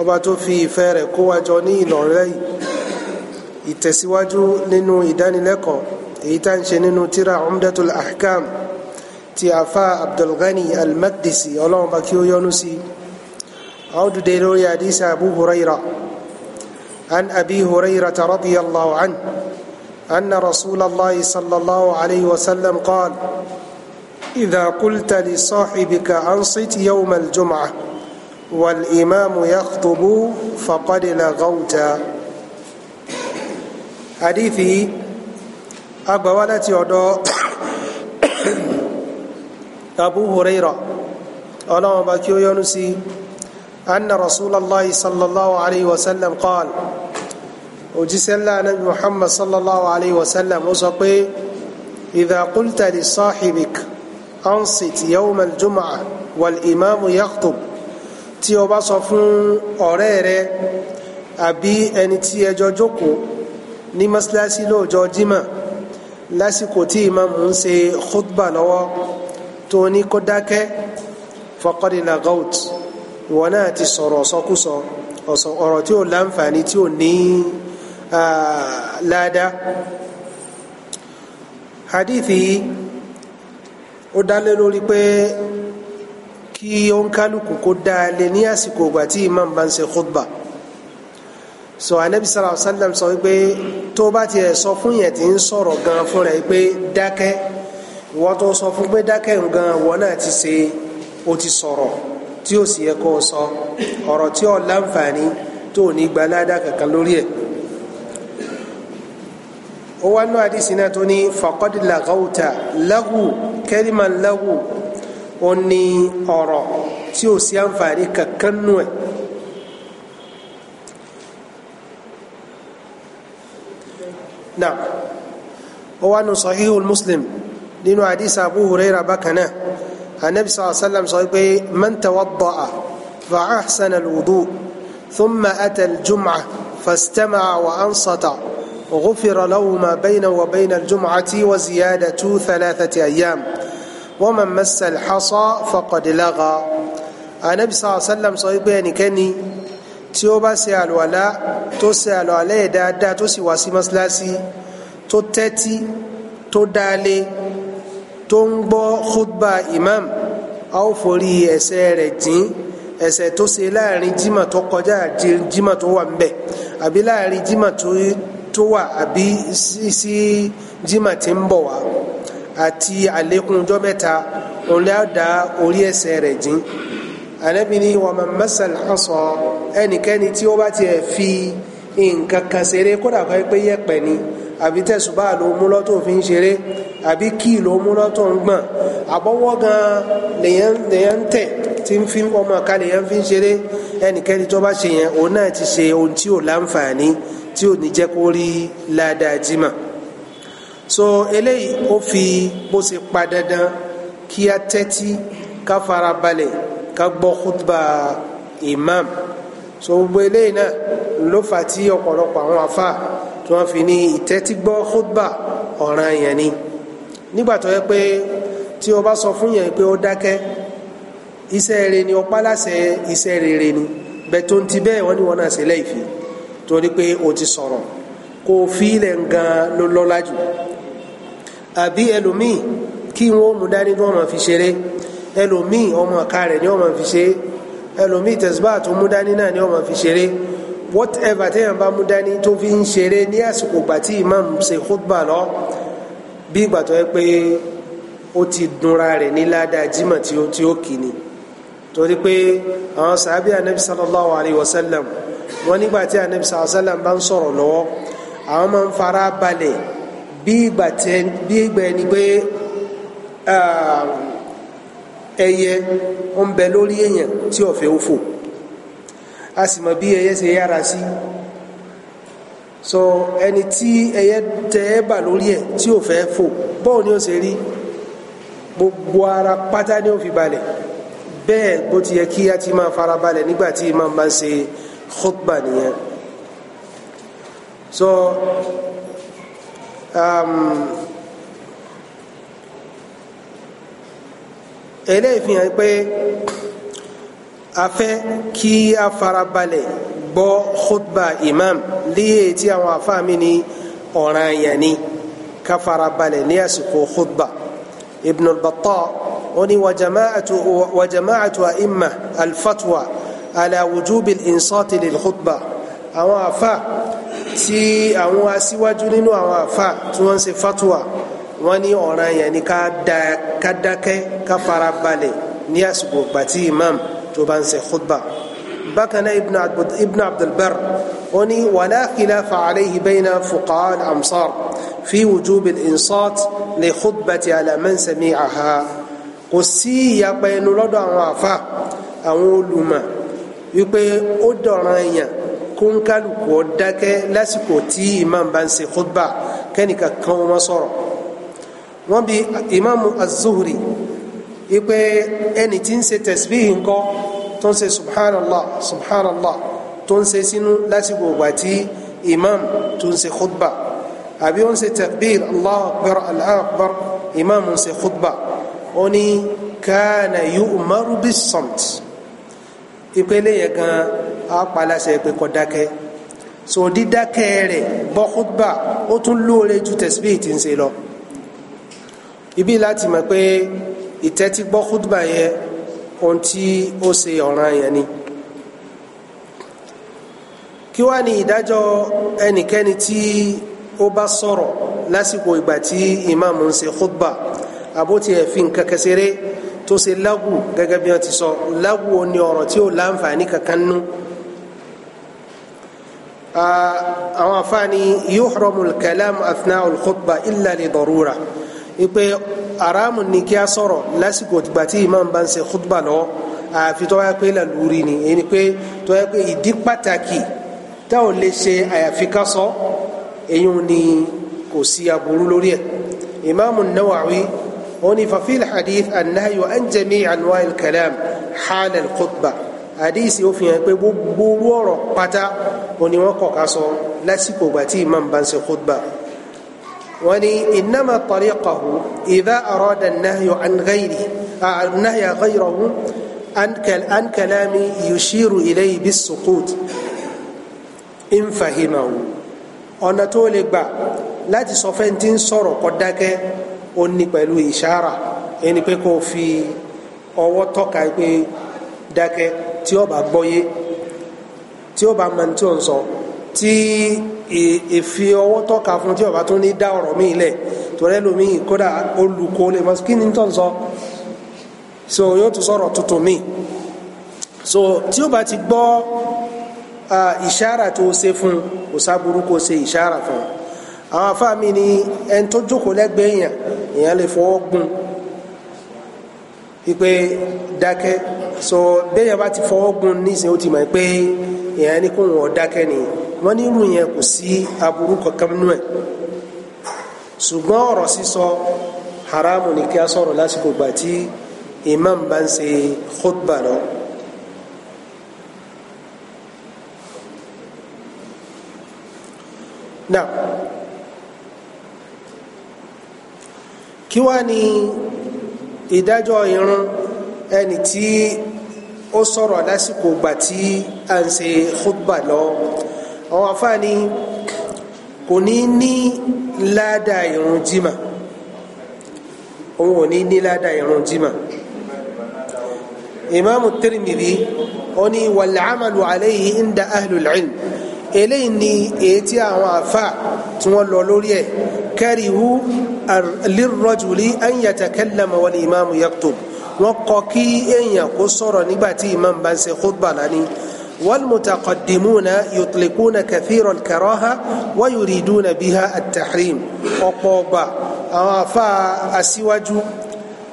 ọba tó fi ìfẹ́ rẹ̀ kó wa jọ ní ìlọ̀rẹ́ ìtẹ̀síwájú nínú ìdánilẹ́kọ̀ọ́ èyí tá ń ṣe nínú tírà umdatul ahkam ti afa abdulgani almakdisi ọlọ́run bá kí ó yọ́nú sí a ó dìde lórí àdísà abu huraira an abi huraira ta radiyallahu an anna rasulallahi sallallahu alaihi wasallam qala idha qulta li sahibika ansit yawm al-jum'ah والإمام يخطب فقد لغوت حديثي أقبالتي عدو أبو هريرة اللهم باكيو يونسي أن رسول الله صلى الله عليه وسلم قال وجسل النبي محمد صلى الله عليه وسلم وسقي إذا قلت لصاحبك أنصت يوم الجمعة والإمام يخطب tí o bá sọ fún ọ̀rẹ́ rẹ àbí ẹni tí ẹ jọ jókòó ní mọ́sálásí lóòjọ́ jímọ̀ lásìkò tí ìmáàmù ń ṣe khutba lọ́wọ́ tó ní kó dákẹ́ faqad lagaut ìwọ náà ti sọ̀rọ̀ ọ̀sọ́kúsọ ọ̀rọ̀ tí ò láǹfààní tí ò ní láàdá hadithi ó dálé lórí pé kí oníkálukú kó dáalé ní àsìkò ìgbà tí imam bá ń ṣe khutba so anabi sallallahu alayhi wa sallam sọ wípé tó bá tiẹ̀ sọ fún yẹn tí ń sọ̀rọ̀ gan fún rẹ̀ pé dákẹ́ wọ́n tó sọ fún pé dákẹ́ gan wọ́n náà ti ṣe ó ti sọ̀rọ̀ tí ó sì yẹ kó o sọ ọ̀rọ̀ tí ó láǹfààní tó ní gbalada kankan lórí ẹ̀ ó wá nú àdìsí náà tó ní faqad laghawta lahu kaliman lahu ó ní ọ̀rọ̀ tí ò sí àǹfààní kankan nù ẹ̀ náà ó wá nu sahihul muslim nínú àdìsá abu huraira bákan náà anabi sọ àṣàlám sọ pé man tawadda'a fa ahsana alwudu thumma ata aljum'a fastama'a wa ansata غفر له ما بينه وبين الجمعة وزيادة ثلاثة أيام waman massa al-hasa faqad lagha anabi sallallahu alayhi wa sallam sọ wípé ẹnikẹ́ni tí ó bá ṣe àlùwàlá tó ṣe àlùwàlá yẹ dáadáa tó sì wá sí mọ́ṣáláṣí tó tẹ́tí tó dáálé tó ń gbọ́ khutba imam a ó forí ẹ̀ṣẹ̀ rẹ̀ dín ẹ̀ṣẹ̀ tó ṣe láàrin jimá tó kọjá jimá tó wà ńbẹ̀ àbí láàrin jimá tó wà àbí sí jimá tí ń bọ̀ wá. Si, si, àti àlékún ọjọ́ mẹ́ta òun lè da orí ẹ̀ṣẹ̀ rẹ̀ jìn Ànábì ní wa man masal hasa ẹnikẹ́ni tí ó bá tiẹ̀ fi nǹkan kan ṣeré kódà kọ́ pé yẹ̀pẹ̀ ni àbí tẹ̀sùbá ló mú lọ́tọ̀ fi ń ṣeré àbí kí ló mú lọ́tọ̀ ń gbọ̀n àbọ̀wọ́ gan lèyàn ń tẹ̀ tí ń fi ọmọ ká lèyàn fi ń ṣeré ẹnikẹ́ni tó bá ṣe yẹn òun náà ti ṣe ohun tí ò láǹfààní tí ò ní jẹ́ kó rí ládàá jimá so eléyìí ó fi bó ṣe pa dandan kí a tẹ́tí ká fara balẹ̀ ká gbọ́ khutba imam so gbogbo eléyìí náà ló fà tí ọ̀pọ̀lọpọ̀ àwọn afa tí wọ́n fi ní ìtẹ́tígbọ́ khutba ọ̀ràn yẹn ni nígbà tó yẹ pé tí o bá sọ fún yẹn pé ó dákẹ́ iṣẹ́ rere ni ọpá láṣẹ iṣẹ́ rere ni bẹ́ẹ̀ tó ń ti bẹ́ẹ̀ wọ́n ní wọ́n náà ṣe lẹ́yìn fi torí pé o ti sọ̀rọ̀ kó fi ilẹ̀ ń gan lọ́lá jù àbí ẹlòmíì kí wọn ó mú dání ni wọn máa fi ṣeré ẹlòmíì ọmọ ọ̀ka rẹ̀ ni wọn máa fi ṣe ẹlòmíì tẹ̀síbà tó mú dání náà ni wọn máa fi ṣeré whatever téèyàn bá mú dání tó fi ń ṣeré ní àsìkò ìgbà tí imam ṣe khutba lọ bí ìgbà tó yẹ pé ó ti dunra rẹ̀ ní ládàá jimá tí ó kì ni torí pé àwọn sàábì anabi sallallahu alayhi wa sallam wọn nígbà tí anabi sallallahu alayhi wa sallam bá ń sọ̀rọ̀ lọ́wọ́ àwọn máa ń fara balẹ̀ bí ìgbà tẹ bí ìgbà ẹni pé um, ẹyẹ ó ń bẹ lórí èèyàn tí ọ̀fẹ́ ó fò a sì mọ bí ẹyẹ ṣe yára sí so ẹni tí ẹyẹ tẹ ẹ bà lórí ẹ tí ò fẹ́ fò bọ́ọ̀ ni ó ṣe rí gbogbo ara pátá ni ó fi balẹ̀ bẹ́ẹ̀ bó ti yẹ kí a ti máa farabalẹ̀ nígbà tí máa ń ṣe khutba nìyẹn so Um, eléyìí fi hàn pé a fẹ́ kí a farabalẹ̀ gbọ́ khutba imam líyè tí àwọn afáàmì ní ọ̀ràn yẹn ni ká farabalẹ̀ ní àsìkò khutba ibn al-battah oni wa jama'atu a'imma al-fatwa khutba àwọn afáà tí àwọn aṣíwájú nínú àwọn àfa tí wọ́n ń ṣe fatwa wọ́n ní ọ̀ràn yẹn ni ká dákẹ́ ká fara balẹ̀ ní àsìkò gbàtí imam tó bá ń ṣe khutba bákan náà ibn abdulbar ó ní wàlá khilafa alayhi bayna fuqaha amsar fi wujubi al-insat li khutbati ala man sami'aha kò sí ìyapa lọ́dọ̀ àwọn àfa àwọn olùmọ̀ wípé ó dọ̀ràn yẹn kónkálukú ó dákẹ́ lásìkò tí imam bá ń ṣe khutba kẹ́nìkan kan wọ́n sọ̀rọ̀ wọ́n bi imam az-Zuhri ipe ẹni tí ń ṣe tasbih ńkọ́ tó ń ṣe subhanallah subhanallah tó ń ṣe sínú lásìkò ìgbà tí imam tó ń ṣe khutba àbí ó ń ṣe takbir akbar Allahu akbar imam ń ṣe khutba ó ní kana yu'maru bis-samt ìpele yẹn gan á palasẹ̀ pé kó dákẹ́ so dídákẹ́ rẹ̀ gbọ́ khutba ó tún lóore ju tẹ̀síbíì tí ń ṣe lọ ibi láti mọ̀ pé ìtẹ́tí gbọ́ khutba yẹn ohun tí ó ṣe ọ̀ràn yẹn ni kí wá ní ìdájọ́ ẹnikẹ́ni tí ó bá sọ̀rọ̀ lásìkò ìgbà tí ìmáàmù ń ṣe khutba àbótí ẹ̀fin kankan ṣeré tó ṣe lágù gẹ́gẹ́ bí wọ́n ti sọ lágù ó ní ọ̀rọ̀ kankan nú àwọn afáàní yuhramul kalam athna al-khutba illa li darura ipe aramu ni kí a sọ̀rọ̀ lásìkò tìgbà tí imam bá ń ṣe khutba lọ àfi tó wáyé pé lalúrí ni èyí ni pé tó wáyé pé ìdí pàtàkì tá ò lè ṣe àyàfi ká sọ èyí ni kò sí aburú lórí ẹ̀ imam nawawi ó fafil hadith annahayu an jami'a anwa al-kalam hal khutba àdéhìsì ó fi hàn pé gbogbo orú ọ̀rọ̀ pátá òní wọ́n kọ̀ ká sọ lásìkò ìgbà tí imam bá ń ṣe khutba wọ́n ní innama tariqahu idha arada an-nahyu an ghayri an-nahya ghayrahu an kalami yushiru ilayhi bis-suqut in fahimahu ọ̀nà tó lè gbà láti sọ fẹ́ tí ń sọ̀rọ̀ kó dákẹ́ ó ní pẹ̀lú ìṣára ẹni pé kó fi ọwọ́ tọ́ka pé dákẹ́ tí ó bá gbọ́yé tí ó bá mọ̀ tí ó ń sọ tí èfi ọwọ́ tọ́ka fún tí ó bá tún ní dá ọ̀rọ̀ míì lẹ̀ torí lómi kódà olùkọ́ lè mọ̀ kí ni tó ń sọ so yóò tún sọ̀rọ̀ tuntun míì so tí ó bá ti gbọ́ ìṣára tó ṣe fún kò sábúrú kó ṣe ìṣára fún àwọn afáàmì ni ẹni tó jókòó lẹ́gbẹ̀ẹ́ èèyàn èèyàn lè fọwọ́ gún wípé dákẹ́ so bẹ́ẹ̀ bá ti fọwọ́ gun nísìnyí ó ti mọ̀ pé èèyàn ní kó wọn dákẹ́ ni wọ́n ní irú yẹn kò sí aburú kankan nú ẹ̀ ṣùgbọ́n ọ̀rọ̀ sísọ haramu ni kí a sọ̀rọ̀ lásìkò gbà tí imam bá ń ṣe khutba lọ. now kí wàá ní ìdájọ́ irun ẹni tí ó sọ̀rọ̀ lásìkò gbà tí a ń ṣe khutba lọ àwọn afáàní kò ní ní ládàá irun jimá òun ò ní ní ládàá irun jimá imaamu tirimidi ó ní aleyhi inda ahlul ilm eléyìí ni èyí tí àwọn àfà tí wọ́n lọ lórí ẹ̀ karihu lirrajuli an yatakallama wal imamu yaktub wọ́n kọ̀ kí èèyàn kó sọ̀rọ̀ nígbà tí imam bá ń ṣe khutba lání والمتقدمون يطلقون كثير الكراهة ويريدون بها التحريم ọ̀pọ̀ọ̀gbà àwọn afa aṣíwájú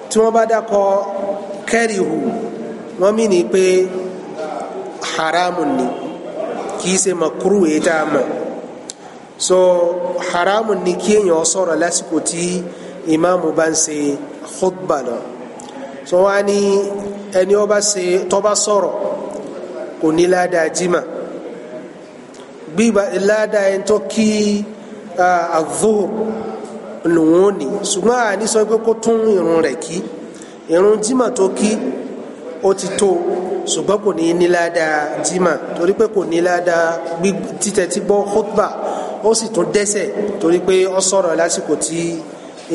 tí wọ́n bá dákọ kẹ́rìhù wọ́n mí ni pé haramun ni kìí ṣe makuru èyí tá so haramu ni kí èèyàn sọ̀rọ̀ lásìkò tí ìmáàmù bá ń khutba lọ so wá ní ẹni ọba ṣe tọba sọ̀rọ̀ kò ní ládàá jimá gbígba ládàá ẹni tó kí àdúhùr lòun ò ní ṣùgbọ́n àní sọ pé kó tún irun rẹ̀ kí irun jimá tó kí ó ti tó ṣùgbọ́n kò ní níláda jimá torí pé kò níláda títẹ tí gbọ́ khutba ó sì tún dẹ́sẹ̀ torí pé ó sọ̀rọ̀ lásìkò tí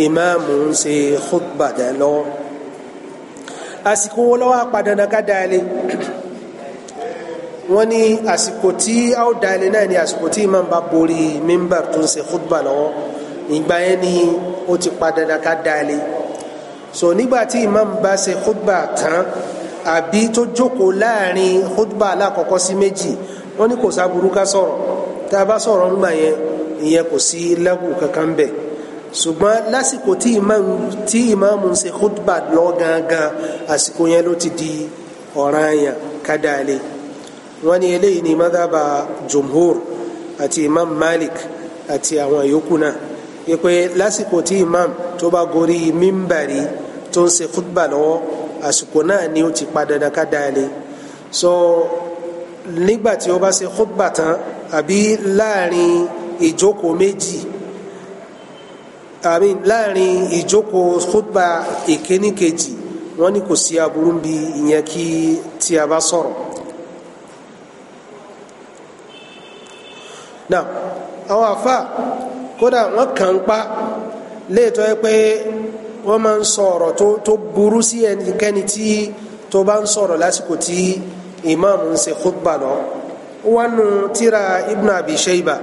ìmáàmù ń ṣe khutba dá lọ́wọ́ àsìkò wo lọ́wọ́ apadànà ká dalẹ̀ wọ́n ní àsìkò tí a ó dalẹ̀ náà ni àsìkò tí imam bá borí mímbà tó ń ṣe khutba lọ́wọ́ ìgbà yẹn ni ó ti padànà ká dalẹ̀ so nígbà tí imam bá ṣe khutba tán àbí tó jókòó láàrin khutba alákọ̀ọ́kọ́ sí méjì wọ́n ní kò sáburú ká sọ̀rọ̀ tá a bá sọ̀rọ̀ ńgbà yẹn ìyẹn kò sí lẹ́bù kankan bẹ̀ ṣùgbọ́n lásìkò tí ìmáàmù tí ìmáàmù ń ṣe khutba lọ gangan àsìkò yẹn ló ti di ọ̀ranyàn kádàálé wọ́n ní eléyìí ní madhaba jumhur àti imam malik àti àwọn yòókù náà wípé lásìkò tí imam tó bá gorí mímbàrí tó ń ṣe khutba lọ́wọ́ àsìkò náà ni ó ti pa dandan ká dá ilé so nígbà tí ó bá ṣe khutba tán àbí láàrin ìjókòó méjì àmì láàrin ìjókòó khutba ìkíní kejì wọ́n ní kò sí aburú bí ìyẹn kí tí a bá sọ̀rọ̀. náà àwọn àfa kódà wọ́n kàn ń pa léètọ́ ẹ pé wọ́n máa ń sọ ọ̀rọ̀ tó burú sí ẹnikẹ́ni tí tó bá ń sọ̀rọ̀ lásìkò tí imam ń ṣe khutba lọ wọn nu tírà ibn abi shayba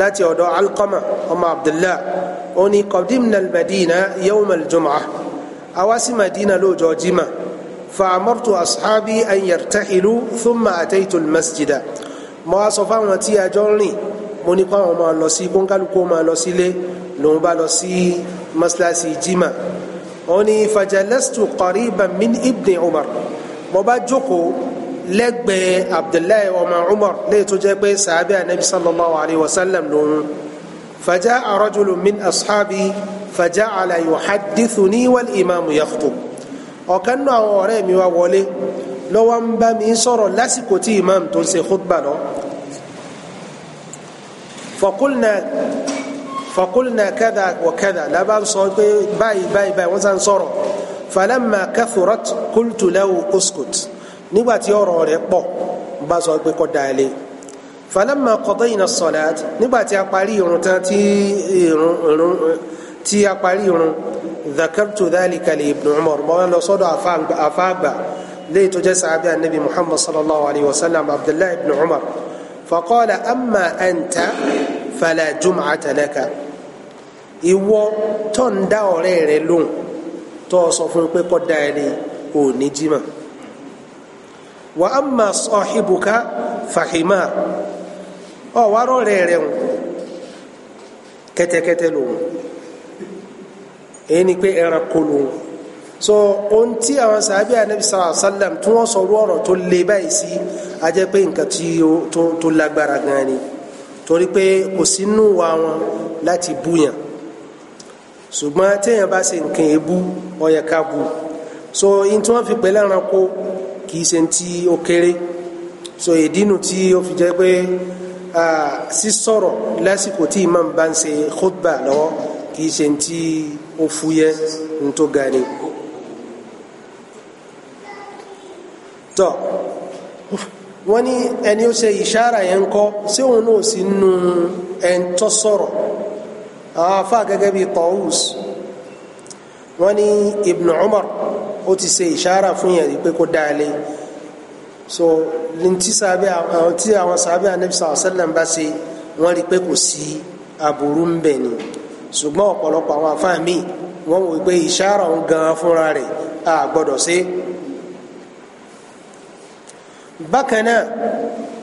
láti ọ̀dọ̀ alqama ọmọ abdullah oni qadimna almadina yawm aljum'ah awa sí madina lọ́jọ́ jimá fa'amartu ashabi an yartahilu thumma ataitu almasjida mo wá fáwọn tí a jọ ń rìn mo ní kó àwọn máa lọ sí kóńkálukó máa lọ sílé lòun bá lọ sí mọ́sálásí jimá ó ní fajalastu qariban min ibn umar mo bá jókòó lẹ́gbẹ̀ẹ́ abdullahi ọmọ umar léyìí tó jẹ́ pé sàábẹ́ anabi sallallahu alayhi wa sallam lòun faja'a rajulun min ashabi faja'ala yuhaddithuni wal imaamu yakhutub ọ̀kan náà àwọn ọ̀rẹ́ mi wá wọlé lọ́wọ́ ń bá mi sọ̀rọ̀ lásìkò tí imam tó ń ṣe khutba lọ. فقلنا فقلنا كذا وكذا لا بأس باي باي باي وانسان صورة فلما كثرت قلت له اسكت نبات يورو ريبو باس قد عليه فلما قضينا الصلاة نبات أقاري تي أقاري ذكرت ذلك لابن عمر ما لو صدى أفاق ليت جسع بها النبي محمد صلى الله عليه وسلم عبد الله بن عمر فقال أما أنت فلا جمعة لك ìwọ tó ń dá ọ̀rẹ́ rẹ lóhùn tó o sọ fún un pé kó dá ẹ ní òní jimá wa amma sahibuka fahima ọ̀ wá rọ̀rẹ́ rẹ hùn kẹ́tẹ́kẹ́tẹ́ lòun èyí ni pé ẹranko lòun so ohun tí àwọn sàbí anabi sallallahu alayhi tí wọ́n sọ ọ̀rọ̀ tó le báyìí sí a pé nǹkan tí tó lágbára gan ni torí pé kò sínú wa wọn láti búyàn ṣùgbọ́n téèyàn bá ṣe nǹkan èébú ó ká bú so in tí wọ́n fi pẹ̀lú ẹranko kì í ṣe ti ó kéré so ìdínú tí ó fi jẹ́ pé sísọ̀rọ̀ lásìkò tí imam bá ń ṣe khutba lọ́wọ́ kì í ṣe ti ó fúyẹ́ ń tó ga ni. tọ́ wọ́n ní ẹni ó ṣe ìṣára yẹn ń kọ́ sí òun náà sí nù ẹ̀ ń tọ́ sọ̀rọ̀ àwọn afa gẹ́gẹ́ bíi Tawus wọ́n ní Ibn Umar ó ti ṣe ìṣára fún yẹn pé kó dáalé so lintí sábẹ́ àwọn tí àwọn sábẹ́ anabi sàlọ sẹlẹm bá ṣe wọ́n rí pé kò sí aburú ń bẹ ni ṣùgbọ́n ọ̀pọ̀lọpọ̀ àwọn afáàmì wọ́n wò pé ìṣára òun gan fúnra rẹ̀ a gbọ́dọ̀ bákan náà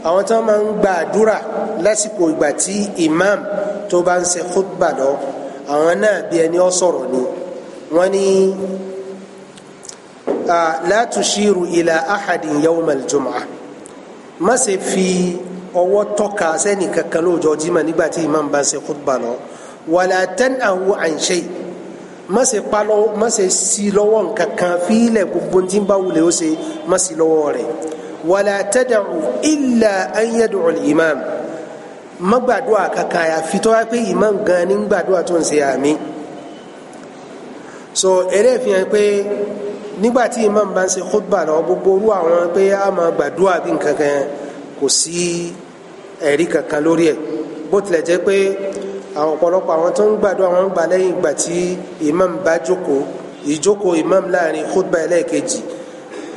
àwọn tí wọn máa ń gba àdúrà lásìkò ìgbà tí imam tó bá ń ṣe khutba lọ àwọn náà bí ẹni ọ sọ̀rọ̀ ni wọn ní la tushiru ila ahadin yawmal jum'ah má ṣe fi ọwọ́ tọ́ka sẹ́ni kankan lóòjọ́ jimá nígbà tí imam bá ń ṣe khutba lọ wala tan'ahu an shay má ṣe pa lọ́wọ́ má ṣe sí lọ́wọ́ nǹkan kan fílẹ̀ gbogbo tí ń bá wulẹ̀ ó ṣe má sí lọ́wọ́ rẹ̀ wàlà tẹ́dàrú ilà ayédùrú imam má gbàdúrà kankan àyàfi tó wá pé imam gan ni gbàdúrà tó ń ṣe àmì so eré fi hàn pé nígbà tí imam bá ń ṣe khutba lọ gbogbo orú àwọn pé a máa gbàdúrà bí nǹkan kan kò sí ẹ̀rí kankan lórí ẹ̀ bó tilẹ̀ jẹ́ pé àwọn ọ̀pọ̀lọpọ̀ àwọn tó ń gbàdúrà wọn gbà lẹ́yìn ìgbà tí imam bá jókòó ìjókòó imam láàrin khutba ẹlẹ́ẹ̀kejì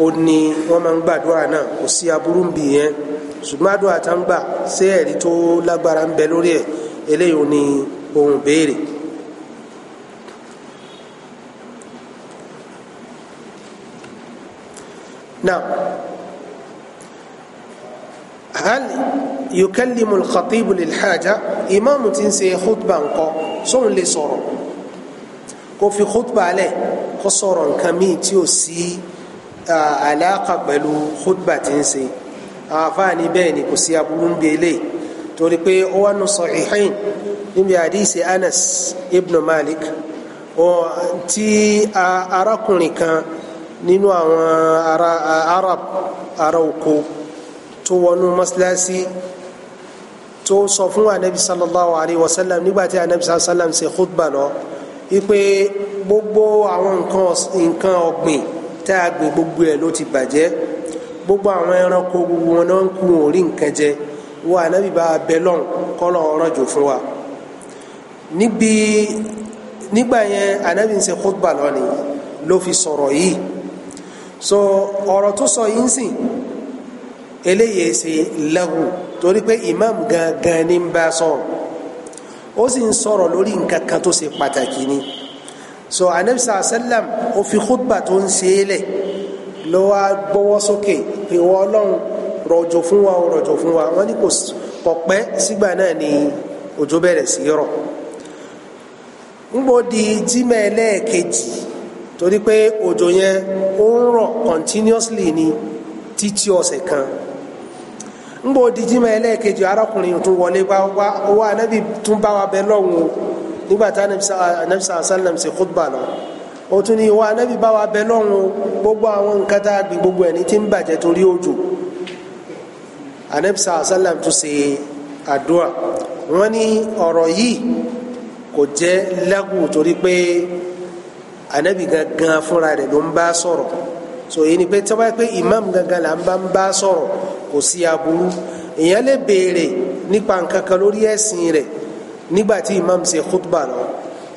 ó ní wọ́n máa ń gbàdúrà náà kò sí aburú ń bì yẹn ṣùgbọ́n àdúrà tá ń gbà ṣé ẹ̀rí tó lágbára ń bẹ lórí ẹ̀ eléyìí ò ní ohun béèrè. now hal yukallimu al-khatib lil-haja imaamu tí ń ṣe khutba ńkọ́ sóun lè sọ̀rọ̀ kó fi khutba alẹ kó sọ̀rọ̀ nǹkan míì tí ó sí. Si àlàkà pẹ̀lú khutba tí ń ṣe àwọn afáàní bẹ́ẹ̀ ni kò sí aburú ń bi torí pé ó wà nù sahihain níbi àdìsí Anas ibn Malik tí arákùnrin kan nínú àwọn ará Arab ará oko tó wọnú mọ́sálásí tó sọ fún anabi sallallahu alayhi wa sallam nígbà tí anabi sallallahu alayhi wa sallam ṣe khutba lọ wípé gbogbo àwọn nǹkan ọ̀gbìn tá a gbìn gbogbo ẹ̀ ló ti bàjẹ́ gbogbo àwọn ẹranko gbogbo wọn náà ń kú wọn ò rí nǹkan jẹ wọn ànábì bá a bẹ lọ́n kọ́lọ́ ọ̀rọ̀ fún wa níbi nígbà yẹn ànábì ń ṣe khutba lọ́ni ló fi sọ̀rọ̀ yìí so ọ̀rọ̀ tó sọ yìí ń sìn eléyìí ṣe lẹ́hù torí pé imam gangan ní ń bá sọ̀rọ̀ ó sì ń sọ̀rọ̀ lórí nǹkan kan tó ṣe pàtàkì ni so anabi sallam ó fi khutba tó ń ṣe é lẹ̀ ló wá gbọ́wọ́ sókè pé wọ́n ọlọ́run rọ̀jò fún wa rọ̀jò fún wa wọ́n ní kò pẹ́ sígbà náà ni òjò bẹ̀rẹ̀ sí rọ̀ ngbọ́ di jímẹ̀ lẹ́ẹ̀kejì torí pé òjò yẹn ó ń rọ̀ continuously ni títí ọ̀sẹ̀ kan ngbọ́ di jímẹ̀ lẹ́ẹ̀kejì arákùnrin tún wọlé wá wá anabi tún bá wa bẹ lọ́hùn o nígbà tá anabi sàlá sàlám ṣe khutba lọ o tún ní ìwà anabi bá wa bẹ lọ́hùn gbogbo àwọn nǹkan tá a gbìn gbogbo ẹ̀ ní ti ń bàjẹ́ torí òjò anabi sàlá sàlám tún ṣe àdúrà wọ́n ní ọ̀rọ̀ yìí kò jẹ́ lágùn torí pé anabi gangan fúnra rẹ̀ ló ń bá sọ̀rọ̀ so èyí ni pé tí wọ́n bá pé imam gangan là ń bá ń bá sọ̀rọ̀ kò sí aburú èèyàn lè béèrè nípa nǹkan lórí ẹ̀sìn rẹ̀ nígbà tí imam ṣe khutba lọ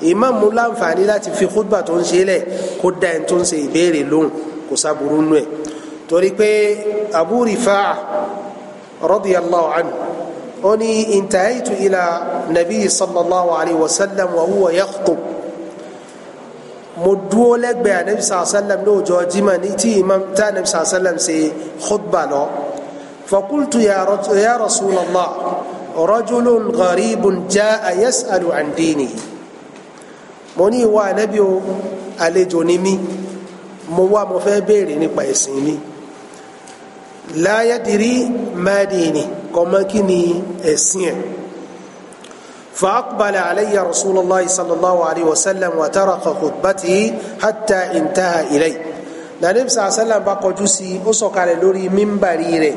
imam mú láǹfààní láti fi khutba tó ń ṣe lẹ̀ kó dá ẹni tó ń ṣe ìbéèrè lóhùn kò sábúrú nù ẹ̀ torí pé Abu Rifa'a radiyallahu anhu ó ní intahaitu ila nabi sallallahu alayhi wa sallam wa huwa yakhtub mo dúró lẹ́gbẹ̀ẹ́ anabi sàlám lóòjọ́ jimá ní tí imam tá anabi sàlám ṣe khutba lọ fakultu ya rasulallah rajulun gharibun jaa yas'alu an dinihi mo ní ìwà ànábì o àlejò ni mí mo wá mo fẹ́ béèrè nípa ẹ̀sìn mi la yadiri ma dini kọ́mọ kí ni ẹ̀sìn ẹ̀ fa aqbala alayya rasulullahi sallallahu alayhi wa sallam wa taraka khutbatihi hatta intaha ilay nàdébísà sálàm bá kọjú sí ó sọ̀kalẹ̀ lórí mímbàrí rẹ̀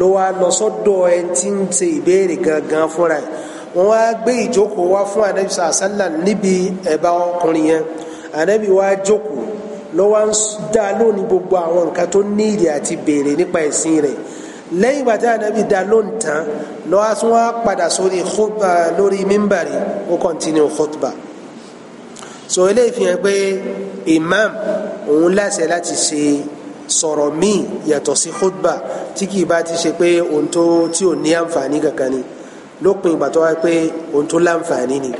ló wá lọ sọ́dọ̀ ẹ tí ń ṣe ìbéèrè gangan fúnra ẹ̀ wọ́n wá gbé ìjókòó wá fún anabi sàásálà níbi ẹ̀bá ọkùnrin yẹn anabi wá jókòó ló wá ń dá lónìí gbogbo àwọn nǹkan tó ní ìdí àti béèrè nípa ẹ̀sìn rẹ̀ lẹ́yìn ìgbà tí anabi dá lónìí tán ló wá tún wá padà sórí khutba lórí mímbàrí ó kọ́ntínú khutba so eléyìí fi hàn pé imam òun láṣẹ láti ṣe sọ̀rọ̀ míì yàtọ̀ sí khutba tí kì bá ti ṣe pé ohun tó tí ò ní àǹfààní kankan ni lópin ìgbà tó wá pé ohun tó láǹfààní ni.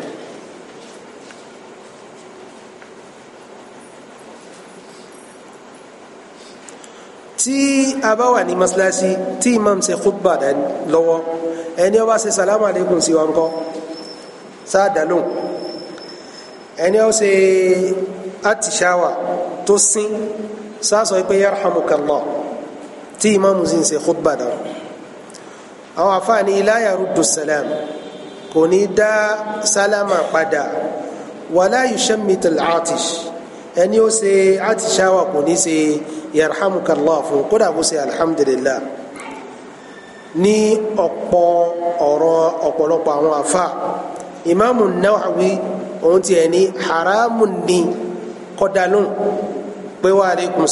tí a bá wà ní masalasi tí imam ṣe khutba dá lọ́wọ́ ẹni ó ṣe salamu aleykum sí wa ńkọ́ sáà dá lóhùn ẹni ó ṣe atishawa tó sín sáà sọ pé yarhamukallah tí ìmáàmù sì ń ṣe khutba náà àwọn afáàní iláyà rúdù sàlám kò ní dá sálámà padà wàlá yushammit al-atish ẹni ó ṣe àtìṣáwà kò ní ṣe yarhamukallah fún kódà kó ṣe alhamdulillah ní ọ̀pọ̀ ọ̀rọ̀ ọ̀pọ̀lọpọ̀ àwọn afa ìmáàmù Nawawi òun tiẹ̀ ní haramu ni kọ́dánù pé wa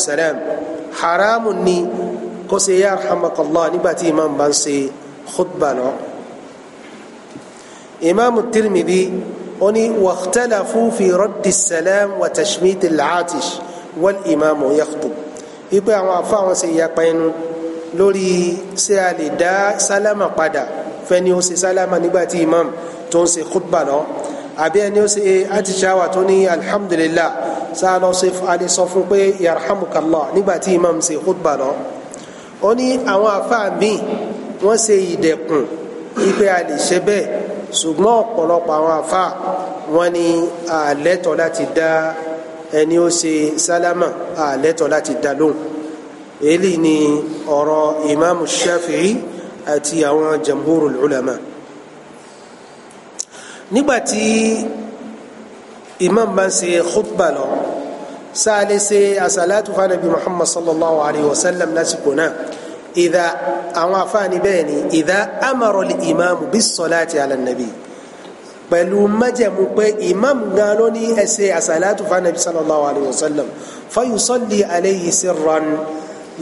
salam haramu ni kó ṣe yarhamakallah nígbà tí imam bá ń ṣe khutba lọ. imam tirmidhi ó ní wakhtalafu fi raddi salam wa tashmit al-atish wal imam yakhtub ipe àwọn afa àwọn ṣe yapa ẹnu lórí ṣé a lè dá sálámà padà fẹ́ni ó ṣe sálámà nígbà tí imam tó ń ṣe khutba lọ àbí ẹni ó ṣe àtìṣáwà tó ní alhamdulillah sáà lọ ṣe alẹ́ sọ fún pé yarhamukallah nígbà imam ṣe khutba lọ. No? ó ní àwọn àfáà míì wọ́n ṣe ìdẹ̀kùn ipe a lè ṣe bẹ́ẹ̀ ṣùgbọ́n ọ̀pọ̀lọpọ̀ àwọn àfáà wọ́n ní àlẹ́tọ̀ láti dá ẹni ó ṣe sálámà àlẹ́tọ̀ láti dá lóhùn èyí ni ọ̀rọ̀ ìmáàmù Shafi'i àti àwọn jamhurul ulama nígbàtí imam bá ń ṣe khutba lọ sáálé ṣe àsàlátù fanabi muhammad sallallahu alayhi wa sallam lásìkò náà ìdá àwọn afáàní bẹ́ẹ̀ ni ìdá amarọ̀lì ìmáàmù bí sọláàtì alànàbí pẹ̀lú májẹ̀mú pé ìmáàmù gan ló ní ẹ ṣe àsàlátù fanabi sallallahu alayhi wa sallam fayusalli alayhi sirran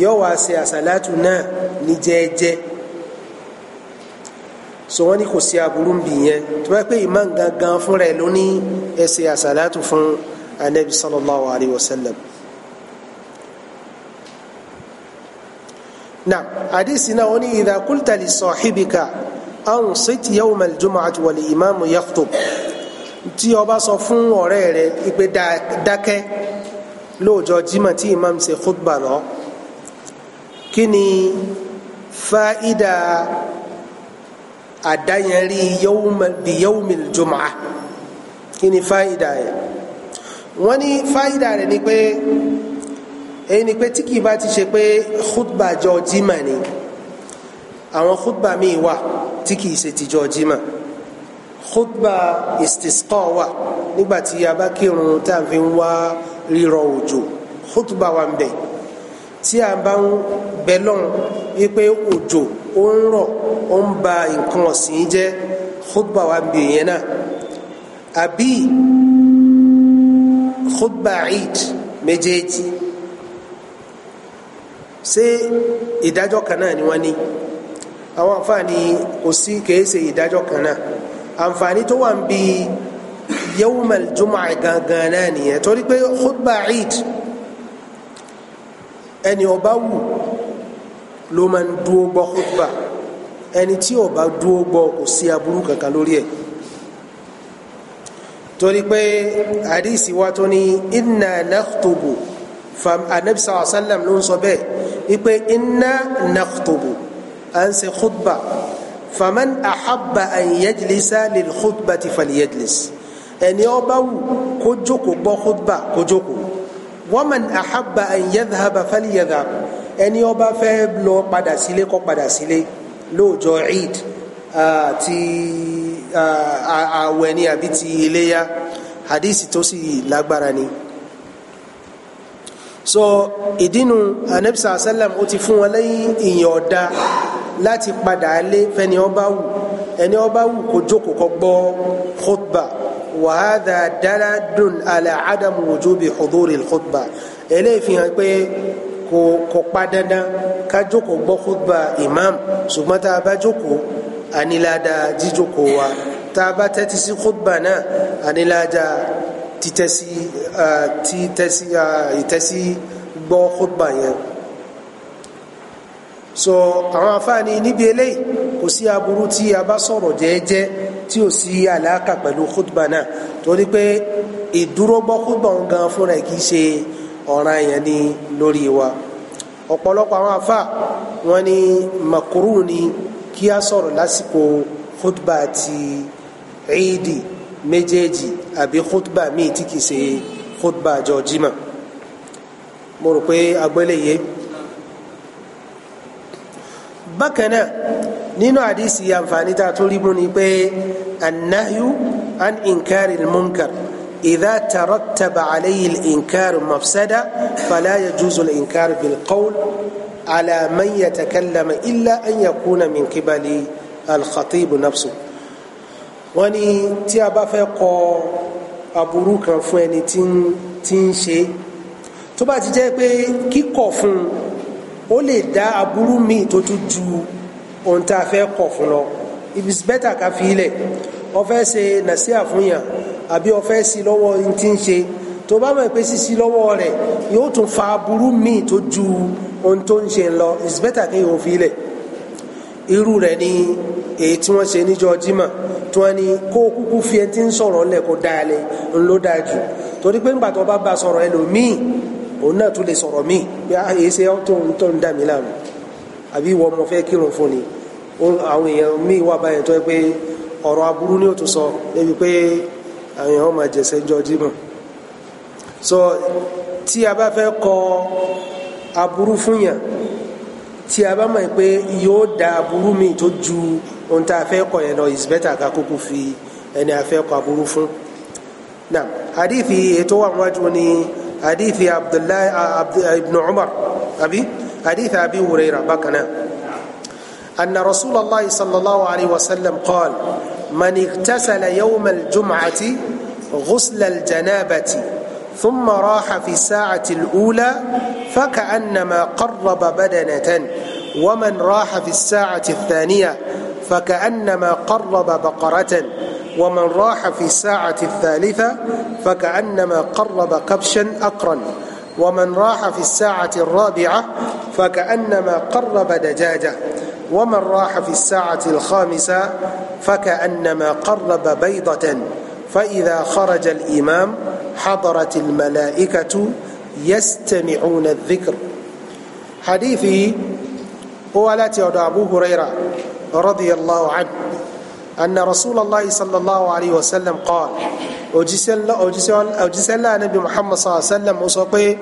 yóò wá ṣe àsàlátù náà ní jẹ́ẹ́jẹ́ so wọ́n ní kò sí aburú bìyẹn gangan fúnra ẹ̀ ló ní ẹ ṣe النبي صلى الله عليه وسلم. نعم hadisi نوني إذا قلت لصاحبك أنصت يوم الجمعة ansit يخطب al-jumu'ati wal imamu yakhutub tí o bá sọ fún ọ̀rẹ́ rẹ ìpè dákẹ́ lóòjọ́ jimá tí imam ṣe khutba lọ kí ni fa'ida àdáyẹnrí bi yawmil kí ni fa'ida yẹn wọ́n ní fáyidà rẹ̀ ni pé èyí ni pé tí kìí bá ti ṣe pé khutba jọ jimá ni àwọn khutba míì wà tí kìí ṣe tìjọ jimá khutba istisqa wà nígbà tí a bá kírun tá à ń wá rírọ̀ òjò khutba wà ń bẹ tí a bá ń bẹ lọ́n wípé òjò ó ń rọ̀ ó ń ba nǹkan ọ̀sìn jẹ́ khutba wà ń bẹ yẹn náà àbí khutba eid méjèèjì ṣé ìdájọ́ kan náà ni wọ́n ní àwọn àǹfààní kò sí kìí ṣe ìdájọ́ kan náà àǹfààní tó wà ń bi yawmal jumu'a gangan náà nìyẹn torí pé khutba eid ẹni ó bá wù ló máa ń dúró gbọ́ khutba ẹni tí ó bá dúró gbọ́ kò sí aburú kankan lórí ẹ̀ torí pé àdìsí wa tó ní inna nakhtubu anabi sallallahu alayhi wa sallam ló ń sọ bẹ́ẹ̀ wípé inna nakhtubu à ń ṣe khutba faman ahabba an yajlisa lil khutbati falyajlis ẹni ó bá wù kó jókòó gbọ́ khutba kó jókòó waman ahabba an yadhhaba falyadhhab ẹni ó fẹ́ lọ padà sílé kó padà sílé lóòjọ́ eid. Ah, ti ah, àwẹ̀ ni àbí ti iléyà hadisi tó sì lágbára ni so ìdínú anabisa asalam ó ti fún wọn lẹ́yìn ìyàn ọ̀dà láti padà lé fẹ́ni ọba wù ẹni ọba wù kó jókòó kó gbọ́ khutba wa hadha daladun ala adamu wujubi huduri khutba eléyìí fi hàn pé kò kò pa dandan ká jókòó gbọ́ khutba imam ṣùgbọ́n tá a bá jókòó anilada jíjoko wa tá a khutba náà anilada títẹ́sí títẹ́sí ìtẹ́sí gbọ́ khutba yẹn so àwọn afáàní níbi eléyìí kò sí aburú tí a bá sọ̀rọ̀ jẹ́ẹ́jẹ́ tí ò sí àlàkà pẹ̀lú khutba náà torí pé ìdúró gbọ́ khutba ń gan fúnra ẹ̀ kì í ṣe ọ̀ràn yẹn ní lórí wa ọ̀pọ̀lọpọ̀ àwọn afá wọn ni makuru ni kí a sọ̀rọ̀ lásìkò khutba ti ìdí méjèèjì àbí khutba míì tí kìí ṣe khutba jọ jimá mo rò pé agbéléye bákan náà nínú àdìsí àǹfààní tá a tún rí mú ni pé annahyu an inkari munkar idha tarattaba alayhi al mafsada fala yajuzu al bil qawl. على من يتكلم إلا أن يكون من قبل الخطيب نفسه wọ́n ní tí a bá fẹ́ kọ aburú kan fún ẹni tí ń ṣe tó bá ti jẹ́ pé kíkọ̀ fún ó lè dá aburú míì tó tún ju ohun tá a fẹ́ kọ̀ fún lọ ibi bẹ́tà ká fi ilẹ̀ ó fẹ́ ṣe nàṣíà fún yàn àbí ó fẹ́ sí lọ́wọ́ ohun tí ń ṣe tó bá mọ̀ pé sísí lọ́wọ́ rẹ̀ yóò tún fa aburú míì tó ju ohun tó ń ṣe lọ it's better kí yóò fi lẹ̀ irú rẹ̀ ni èyí tí wọ́n ṣe níjọ́ jimá tí wọ́n ní kó kúkú fi ẹni tí ń sọ̀rọ̀ lẹ̀ kó dáa lẹ̀ ń ló dáa jù torí pé ńgbà tó bá ba sọ̀rọ̀ ẹlòmíì òun náà tún lè sọ̀rọ̀ míì bí èyí ṣe tó ń tó ń dà mí láàmú àbí ìwọ ọmọ fẹ́ kírun fún ni àwọn èèyàn míì wà báyẹn tó yẹ pé ọ̀rọ̀ aburú ni ó tún sọ débi pé àwọn èèyàn máa jẹ̀sẹ̀ jọ jimá so tí a bá fẹ́ kọ aburú fún yàn tí a bá mọ̀ pé yóò da aburú mi tó ju ohun tá a fẹ́ kọ yẹn lọ is better ká kúkú fi ẹni a fẹ́ kọ aburú fún. naam hadithi ètò wà wájú ni hadithi abdullahi ibn umar abi hadithi abi hurairah bákan náà. أن رسول الله صلى الله عليه وسلم قال من اغتسل يوم الجمعة غسل ثم راح في الساعة الأولى فكأنما قرب بدنة ومن راح في الساعة الثانية فكأنما قرب بقرة ومن راح في الساعة الثالثة فكأنما قرب كبشا أقرا ومن راح في الساعة الرابعة فكأنما قرب دجاجة ومن راح في الساعة الخامسة فكأنما قرب بيضة فإذا خرج الإمام حضرت الملائكة يستمعون الذكر حديثي هو التي أبو هريرة رضي الله عنه أن رسول الله صلى الله عليه وسلم قال أجسل نبي محمد صلى الله عليه وسلم وسطي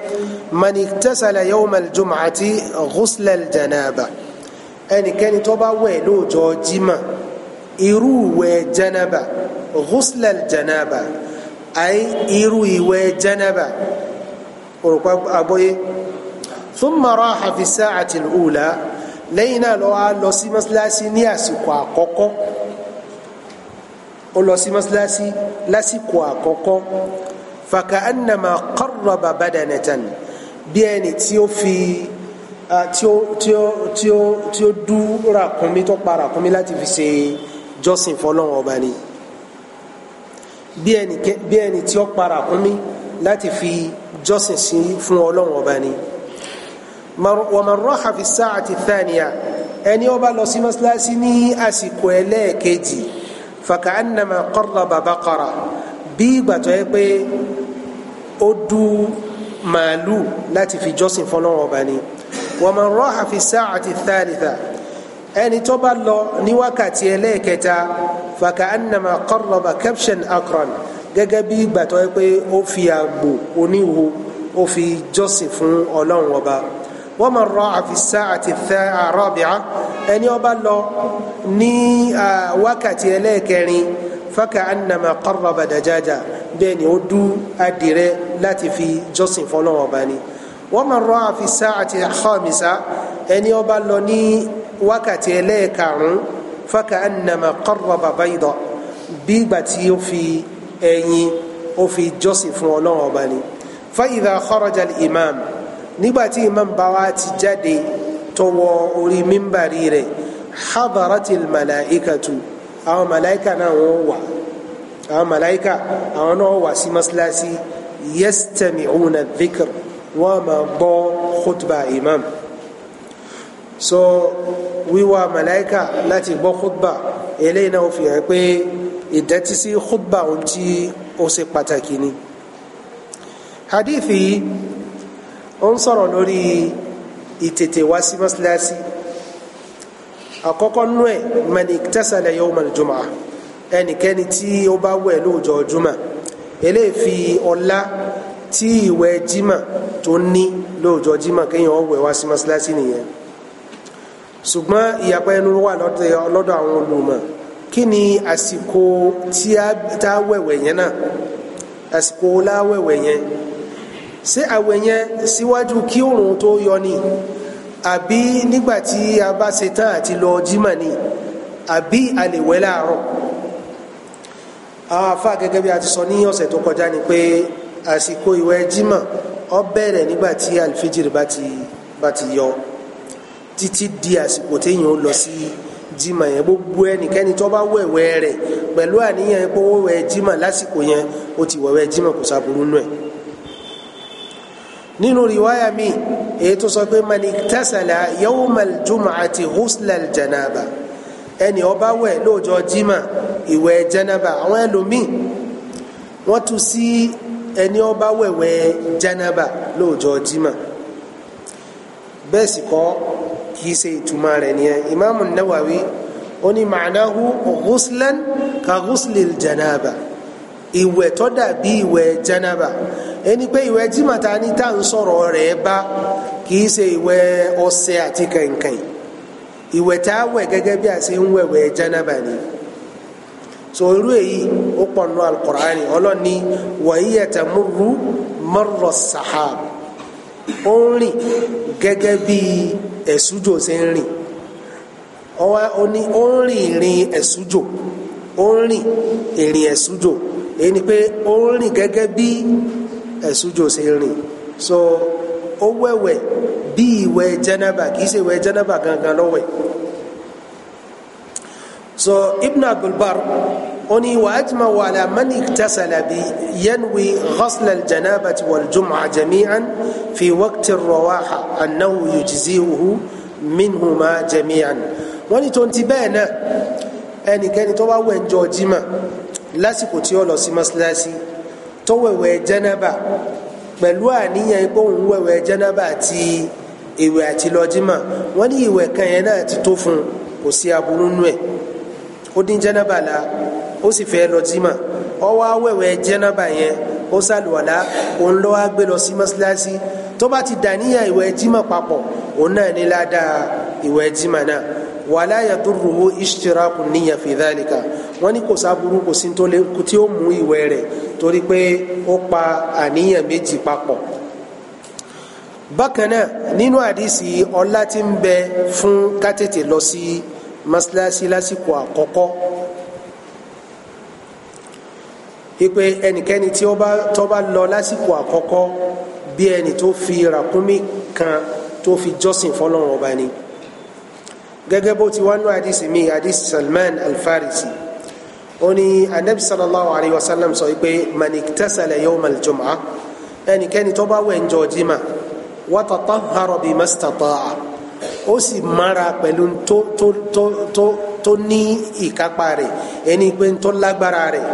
من اغتسل يوم الجمعة غسل الجنابة أن كان توبا ويلو جوجيما إرو جنابة غسل الجنابة àyè irú ìwẹ̀ jẹ́nẹ́bà òrùkọ́ agbóyé thumma raha fi sa'ati al-ula lẹ́yìn náà lọ́wọ́ a lọ sí mọ́sálásí ní àsìkò àkọ́kọ́ ó lọ sí mọ́sálásí lásìkò àkọ́kọ́ faka annama qarraba badanatan bí ẹni tí ó fi tí ó tí ó tí ó tí ó dú ràkúnmí tó pa ràkúnmí láti fi ṣe jọ́sìn fọlọ́run ọba ni bí ẹni bí ẹni tí ó para kún mi láti fi jọ́sìn sí fún ọlọ́run ọba ni wa man raha fi sáàtì thaniya ẹni ó bá lọ sí mọ́sálásí ní àsìkò ẹlẹ́ẹ̀kejì fakaannama qarraba baqara bí ìgbà tó yẹ pé ó du màálù láti fi jọ́sìn fún ọlọ́run ọba ni wa man raha fi sáàtì thalitha ẹni tó bá lọ ní wákàtí ẹlẹ́ẹ̀kẹta fàkà ànàmà qarraba kabshan akran gẹ́gẹ́ bí gbàtọ́ pé ó fi àgbò oníwo ó fi jọ́sìn fún ọlọ́run ọba wa man ra'a fi sáàtì rabi'a ẹni ó bá lọ ní wákàtí ẹlẹ́ẹ̀kẹrin fàkà ànàmà qarraba dajaja bẹ́ẹ̀ ni ó dú adìrẹ láti fi jọ́sìn fọlọ́run ọba ni wa man ra'a fi sáàtì khamisa ẹni ó lọ ní wákàtí ẹlẹ́ẹ̀karùn فكأنما قرب بيضا بيبتي في أي وفي جوسف ولون بني فإذا خرج الإمام نباتي من بوات جدي تو من بريره حضرت الملائكة أو ملائكة نووا أو ملائكة أو نووا سمسلاسي يستمعون الذكر وما بو خطبة إمام so wíwá màláìkà láti gbọ́ khutba eléyìí náà fi hàn pé ìdẹ́tí sí khutba ohun tí ó ṣe pàtàkì ni hadithi ó ń sọ̀rọ̀ lórí ìtètè wá sí mọ́sálásí àkọ́kọ́ nú ẹ̀ man iktasala yawm al-jum'ah ẹnikẹ́ni tí ó bá wẹ̀ lóòjọ́ jùmọ̀ eléyìí fi ọlá tí ìwẹ̀ jimá tó ní lóòjọ́ jimá kéèyàn ó wá sí mọ́sálásí nìyẹn ṣùgbọ́n ìyapa ẹnu wà lọ́dọ̀ àwọn olùmọ̀ kí ni àsìkò tí a wẹ̀wẹ̀ yẹn náà àsìkò láwẹ̀wẹ̀ yẹn ṣé àwẹ̀ yẹn síwájú kí oòrùn tó yọ ni àbí nígbà tí a bá ṣe tán àti lọ jímà ni àbí a lè wẹ̀ láàárọ̀ àwọn afa gẹ́gẹ́ bí a ti sọ ní ọ̀sẹ̀ tó kọjá ni pé àsìkò ìwẹ̀ jímà ó bẹ̀rẹ̀ nígbà tí alfijir bá ti bá ti yọ títí di àsìkò téèyàn ó lọ sí jimá yẹn gbogbo ẹnikẹ́ni tó bá wẹ̀wẹ̀ rẹ̀ pẹ̀lú àníyàn yẹn pé ó wẹ̀ jimá lásìkò yẹn ó ti wẹ̀wẹ̀ jimá kò sábúrú nù ẹ̀. nínú riwaya mi èyí tó sọ pé mani tẹsàlà yawmal jumu'ati husla janaba ẹni ó bá wẹ̀ lọ́jọ́ jimá ìwẹ̀ janaba àwọn ẹlòmíì wọ́n tún sí ẹni ó bá wẹ̀wẹ̀ janaba lọ́jọ́ jimá bẹ́ẹ̀ sì kọ́ kì í ṣe ìtumọ̀ rẹ̀ nìyẹn ìmáàmù Nawawi ó ní ma'nahu ghuslan ka ghuslil janaba ìwẹ̀ tó dàbí ìwẹ̀ janaba ẹni pé ìwẹ̀ jimata ni tá à ń sọ̀rọ̀ rẹ̀ bá kì í ṣe ìwẹ̀ ọṣẹ àti kànkàn ìwẹ̀ tá a wẹ̀ gẹ́gẹ́ bí a ṣe ń wẹ̀wẹ̀ janaba ni so irú èyí ó pọnú alukur'ani ọlọ́ni wàyíyàtà múru marra sahab ó ń rìn gẹ́gẹ́ bíi ẹ̀sújò ṣe ń rìn ó ní ó ń rìn ìrìn ẹ̀sújò ó ń rìn ìrìn ẹ̀sújò èyí ni pé ó ń rìn gẹ́gẹ́ bí ẹ̀sújò ṣe ń rìn so ó wẹ̀wẹ̀ bí ìwẹ̀ jẹ́nẹ́bà kì í ṣe ìwẹ̀ jẹ́nẹ́bà gangan lọ́wẹ̀ so Ibn Abdul oni wa ajma'u ala man iktasala bi yanwi ghasl aljanabati waljum'a jami'an fi waqti rawaha annahu yujzi'uhu minhuma jami'an wọ́n ní tonti bẹ́ẹ̀ náà ẹnikẹ́ni tó bá wẹ̀ ńjọ́ jímà lásìkò tí ó lọ sí mọ́sálásí tó wẹ̀wẹ̀ jẹ́nàbà pẹ̀lú àníyàn pé òun wẹ̀wẹ̀ jẹ́nàbà àti ìwẹ̀ àti lọ jímà wọ́n ní ìwẹ̀ kan yẹn náà ti tó fún un kò sí aburú nù ẹ̀ ó dín la ó sì fẹ́ lọ jimá ó wá wẹ̀wẹ̀ jẹ́nàbà yẹn ó sàlùwàlá òun lọ́wọ́ gbé lọ sí bá ti dàníyàn ìwẹ̀ jimá papọ̀ òun náà ní ládàá ìwẹ̀ jimá náà na yàtúrùhù ìṣtìrákù níyà ní kò sábúrú kò sí tó lè tí ó mú ìwẹ̀ rẹ̀ torí pé ó pa àníyàn méjì papọ̀ bákan náà nínú àdìsí ọlá tí ń bẹ fún kátètè lọ sí lásìkò àkọ́kọ́ ipe ẹnikẹ́ni tí ó bá tó bá lọ lásìkò àkọ́kọ́ bí ẹni tó fi ràkúnmí kan tó fi jọ́sìn fọlọ́run ọba ni gẹ́gẹ́ bó ti wá nú àdìsí mi àdìsí Salman Al-Farisi ó ní anabi sallallahu alayhi wa sallam sọ pé maniktasala yawm al-jum'ah ẹnikẹ́ni tó bá wẹ̀ ńjọ́ jimá wa tatahhara bima istata'a ó sì mara pẹ̀lú tó tó tó tó ní ìkápá rẹ̀ ẹni pé ń tó lágbára rẹ̀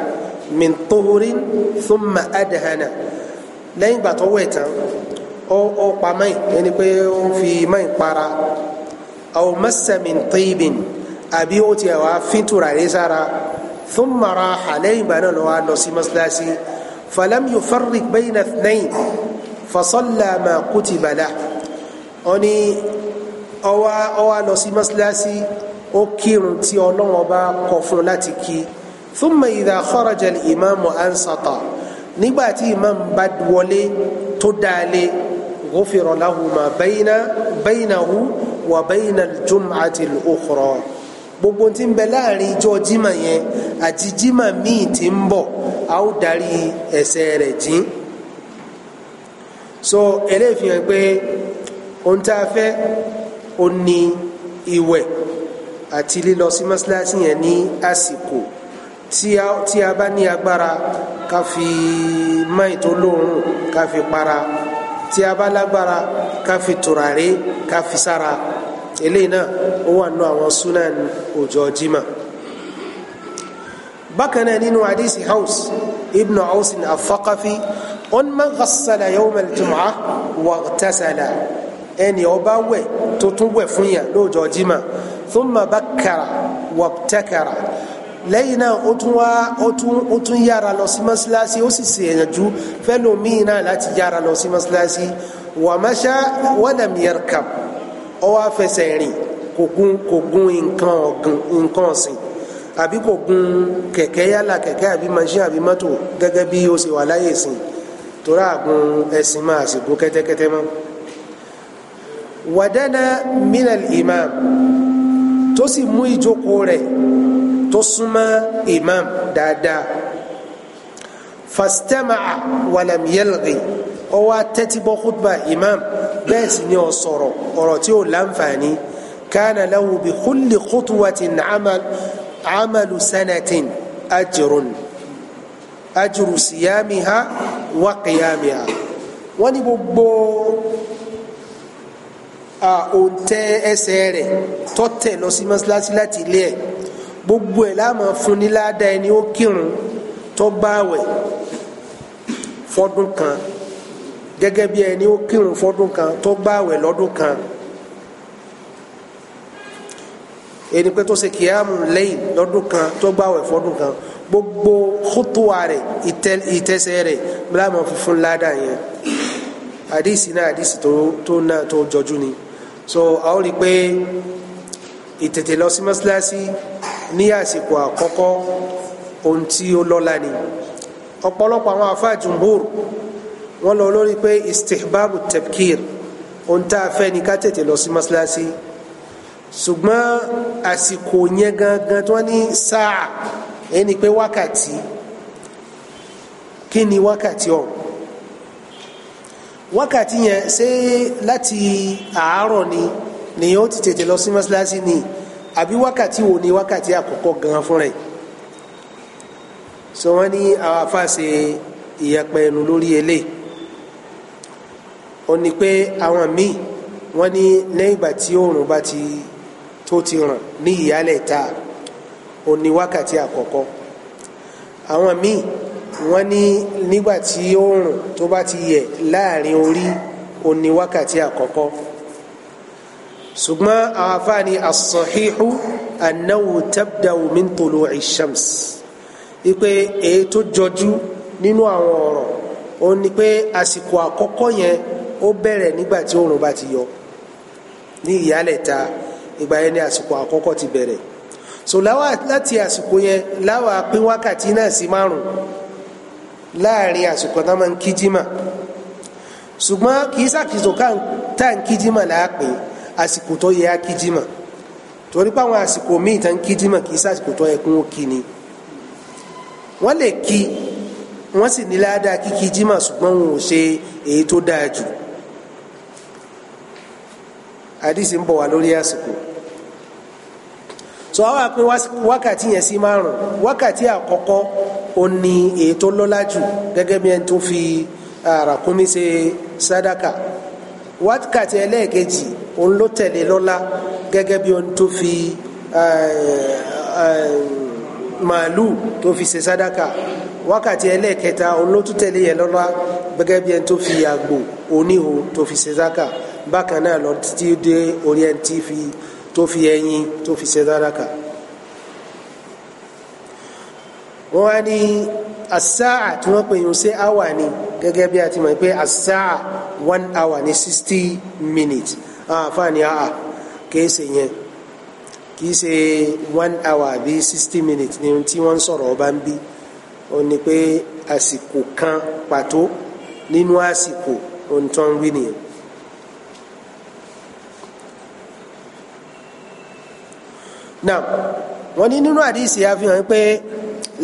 min tuhurin thumma adahana lẹ́yìn ìgbà tó wẹ̀ tán ó ó pa mẹ́yìn ẹni pé ó fi mẹ́yìn para aw massa min tibin àbí ó tiẹ̀ wá fíntura rẹ̀ sára thumma raha lẹ́yìn ìgbà náà lọ́wọ́ lọ sí mọ́sálásí falam yufarriq bayna ithnayn fasalla ma kutiba lah ó ní ọwọ́ ọwọ́ lọ sí mọ́sálásí ó kírun tí ọlọ́wọ́ bá kọ fún un láti kí i. ثم إذا خرج الإمام أنصت نباتي من tí imam bá wọlé tó dáálé ghufira lahu ma bayna baynahu wa bayna al-jum'ati al-ukhra gbogbo tí ń bẹ láàrin ijọ́ jimá yẹn àti jimá míì tí ń bọ̀ a ó darí ẹ̀ṣẹ̀ rẹ̀ jìn so eléyìí fi hàn pé ohun tá a fẹ́ ó ní ìwẹ̀ àti lílọ sí tí a tí a bá ní agbára ká fi máì tó lóorùn ká fi para tí a bá lágbára ká fi tùràrí ká fi sára eléyìí náà ó wà nù àwọn sunan ọjọ́ jimá bákan náà nínú hadisi Aws ibn Aws al on man ghassala yawm al-jum'ah waghtasala ẹni ó bá tó tún wẹ̀ fún yà lọ́jọ́ jimá thumma bakkara wabtakara lẹ́yìn náà ó tún wá ó tún yára lọ sí mọ́síláṣí ó sì ṣèyànjú fẹ́lò míì náà láti yára lọ sí mọ́síláṣí wa masha wa lam yarkab ó wá fẹsẹ̀ rìn kò gun kò gun nǹkan ọ̀gùn nǹkan ọ̀sìn àbí kò gun kẹ̀kẹ́ yálà kẹ̀kẹ́ àbí machine àbí mọ́tò gẹ́gẹ́ bí ó ṣe wà láyé sìn torí àgùn ẹ̀sìn máa sì gun kẹ́tẹ́kẹ́tẹ́ mọ́. wadana minal imam tó sì mú ìjókòó rẹ̀ tó súnmọ́ imam dáadáa fastama'a walam yalghi ó wá tẹ́tí bọ́ khutba imam bẹ́ẹ̀ sì ni ó sọ̀rọ̀ ọ̀rọ̀ tí ó láǹfààní kana lahu bi kulli khutwatin amal amalu sanatin ajrun ajru siyamiha wa qiyamiha wọ́n ní gbogbo òǹtẹ ẹsẹ̀ rẹ̀ tọ́tẹ̀ lọ sí mọ́sálásí láti ilé ẹ̀ gbogbo ẹ̀ láàmú fún ní ládàá ẹni ó kírun tó gbààwẹ̀ fọ́dún kan gẹ́gẹ́ bí ẹni ó kírun fọ́dún kan tó gbààwẹ̀ lọ́dún kan ẹni pé tó ṣe kíámù lẹ́yìn lọ́dún kan tó gbààwẹ̀ fọ́dún kan gbogbo kótóa rẹ̀ ìtẹsẹ̀ rẹ̀ láàmú fún ládàá yẹn àdìsí náà àdìsí tó náà tó jọjú ni so àwọn rí i pé ìtètè lọ sí mọ́ṣáláṣí. Si ní àsìkò àkọ́kọ́ ohun tí ó lọ́la ni ọ̀pọ̀lọpọ̀ àwọn afa jumhur wọ́n lọ lórí pé istihbabu tabkir ohun tá a fẹ́ ni ká tètè lọ sí mọ́ṣáláṣí ṣùgbọ́n àsìkò yẹn gangan tí wọ́n ní sáà èyí pé wákàtí kí ni wákàtí ọ̀hún wákàtí yẹn ṣé láti àárọ̀ ni nìyẹn ó ti tètè lọ sí mọ́ṣáláṣí ni. Wakati àbí wákàtí wo ni wákàtí àkọ́kọ́ gan fúnra ẹ̀ sọ wọ́n ní àwọn afáàṣe ìyapẹ̀ ẹnu lórí eléyìí ó ní pé àwọn míì wọ́n ní lẹ́yìn ìgbà tí oòrùn bá ti tó ti ràn ní ìyálẹ̀ ta ó ní wákàtí àkọ́kọ́ àwọn míì wọ́n ní nígbà tí oòrùn tó bá ti yẹ̀ láàrin orí ó ní wákàtí àkọ́kọ́ ṣùgbọ́n àfààní as-sahihu annahu tabda'u min tulu'i shams ipe èyí tó jọjú nínú àwọn ọ̀rọ̀ ó ní pé àsìkò àkọ́kọ́ yẹn ó bẹ̀rẹ̀ nígbà tí oòrùn bá ti yọ ní ìyálẹ̀ta ìgbà yẹn ni àsìkò àkọ́kọ́ ti bẹ̀rẹ̀ so láwa láti àsìkò yẹn láwa pín wákàtí náà sí márùn láàrin àsìkò tá ń kí ṣùgbọ́n kì í sàkìsọ tá à ń kí jimá àsìkò tó yẹ akíjímà torí pé àwọn àsìkò míì tán kíjímà kì í sàsìkò tó yẹ kún ó kí ni wọ́n lè kí wọ́n sì ní ládàá kíkí jímà ṣùgbọ́n wọn ò ṣe èyí tó dáa jù àdìsí ń bọ̀ wá lórí àsìkò sọ wá pé wákàtí yẹn sí márùn wákàtí àkọ́kọ́ ó ní èyí tó lọ́lá jù gẹ́gẹ́ bí ẹni tó fi àràkúnmí ṣe sádàkà wákàtí ẹlẹ́ẹ̀kejì òun ló tẹ̀lé lọ́lá gẹ́gẹ́ bí ohun tó fi eh, eh, màálù tó fi ṣe sádàkà wákàtí ẹlẹ́ẹ̀kẹta òun ló tún tẹ̀lé yẹn lọ́lá gẹ́gẹ́ bí ẹni tó fi àgbò oníhò tó fi ṣe sádàkà bákan náà lọ títí dé orí ẹni tó fi ẹyin tó fi ṣe sádàkà. wọ́n á ní asáà tí wọ́n pè yín ṣe áwà ni gẹ́gẹ́ bí a ti mọ̀ pé asáà one hour ni sixty minutes àfààní àà kìí ṣe yẹn kìí ṣe one hour bí sixty minutes ni tí wọ́n ń sọ̀rọ̀ ọba ń bí ó ní pé àsìkò kan pàtó nínú àsìkò ohun tó ń wí nìyẹn. now wọ́n ní nínú àdìsí àfihàn pé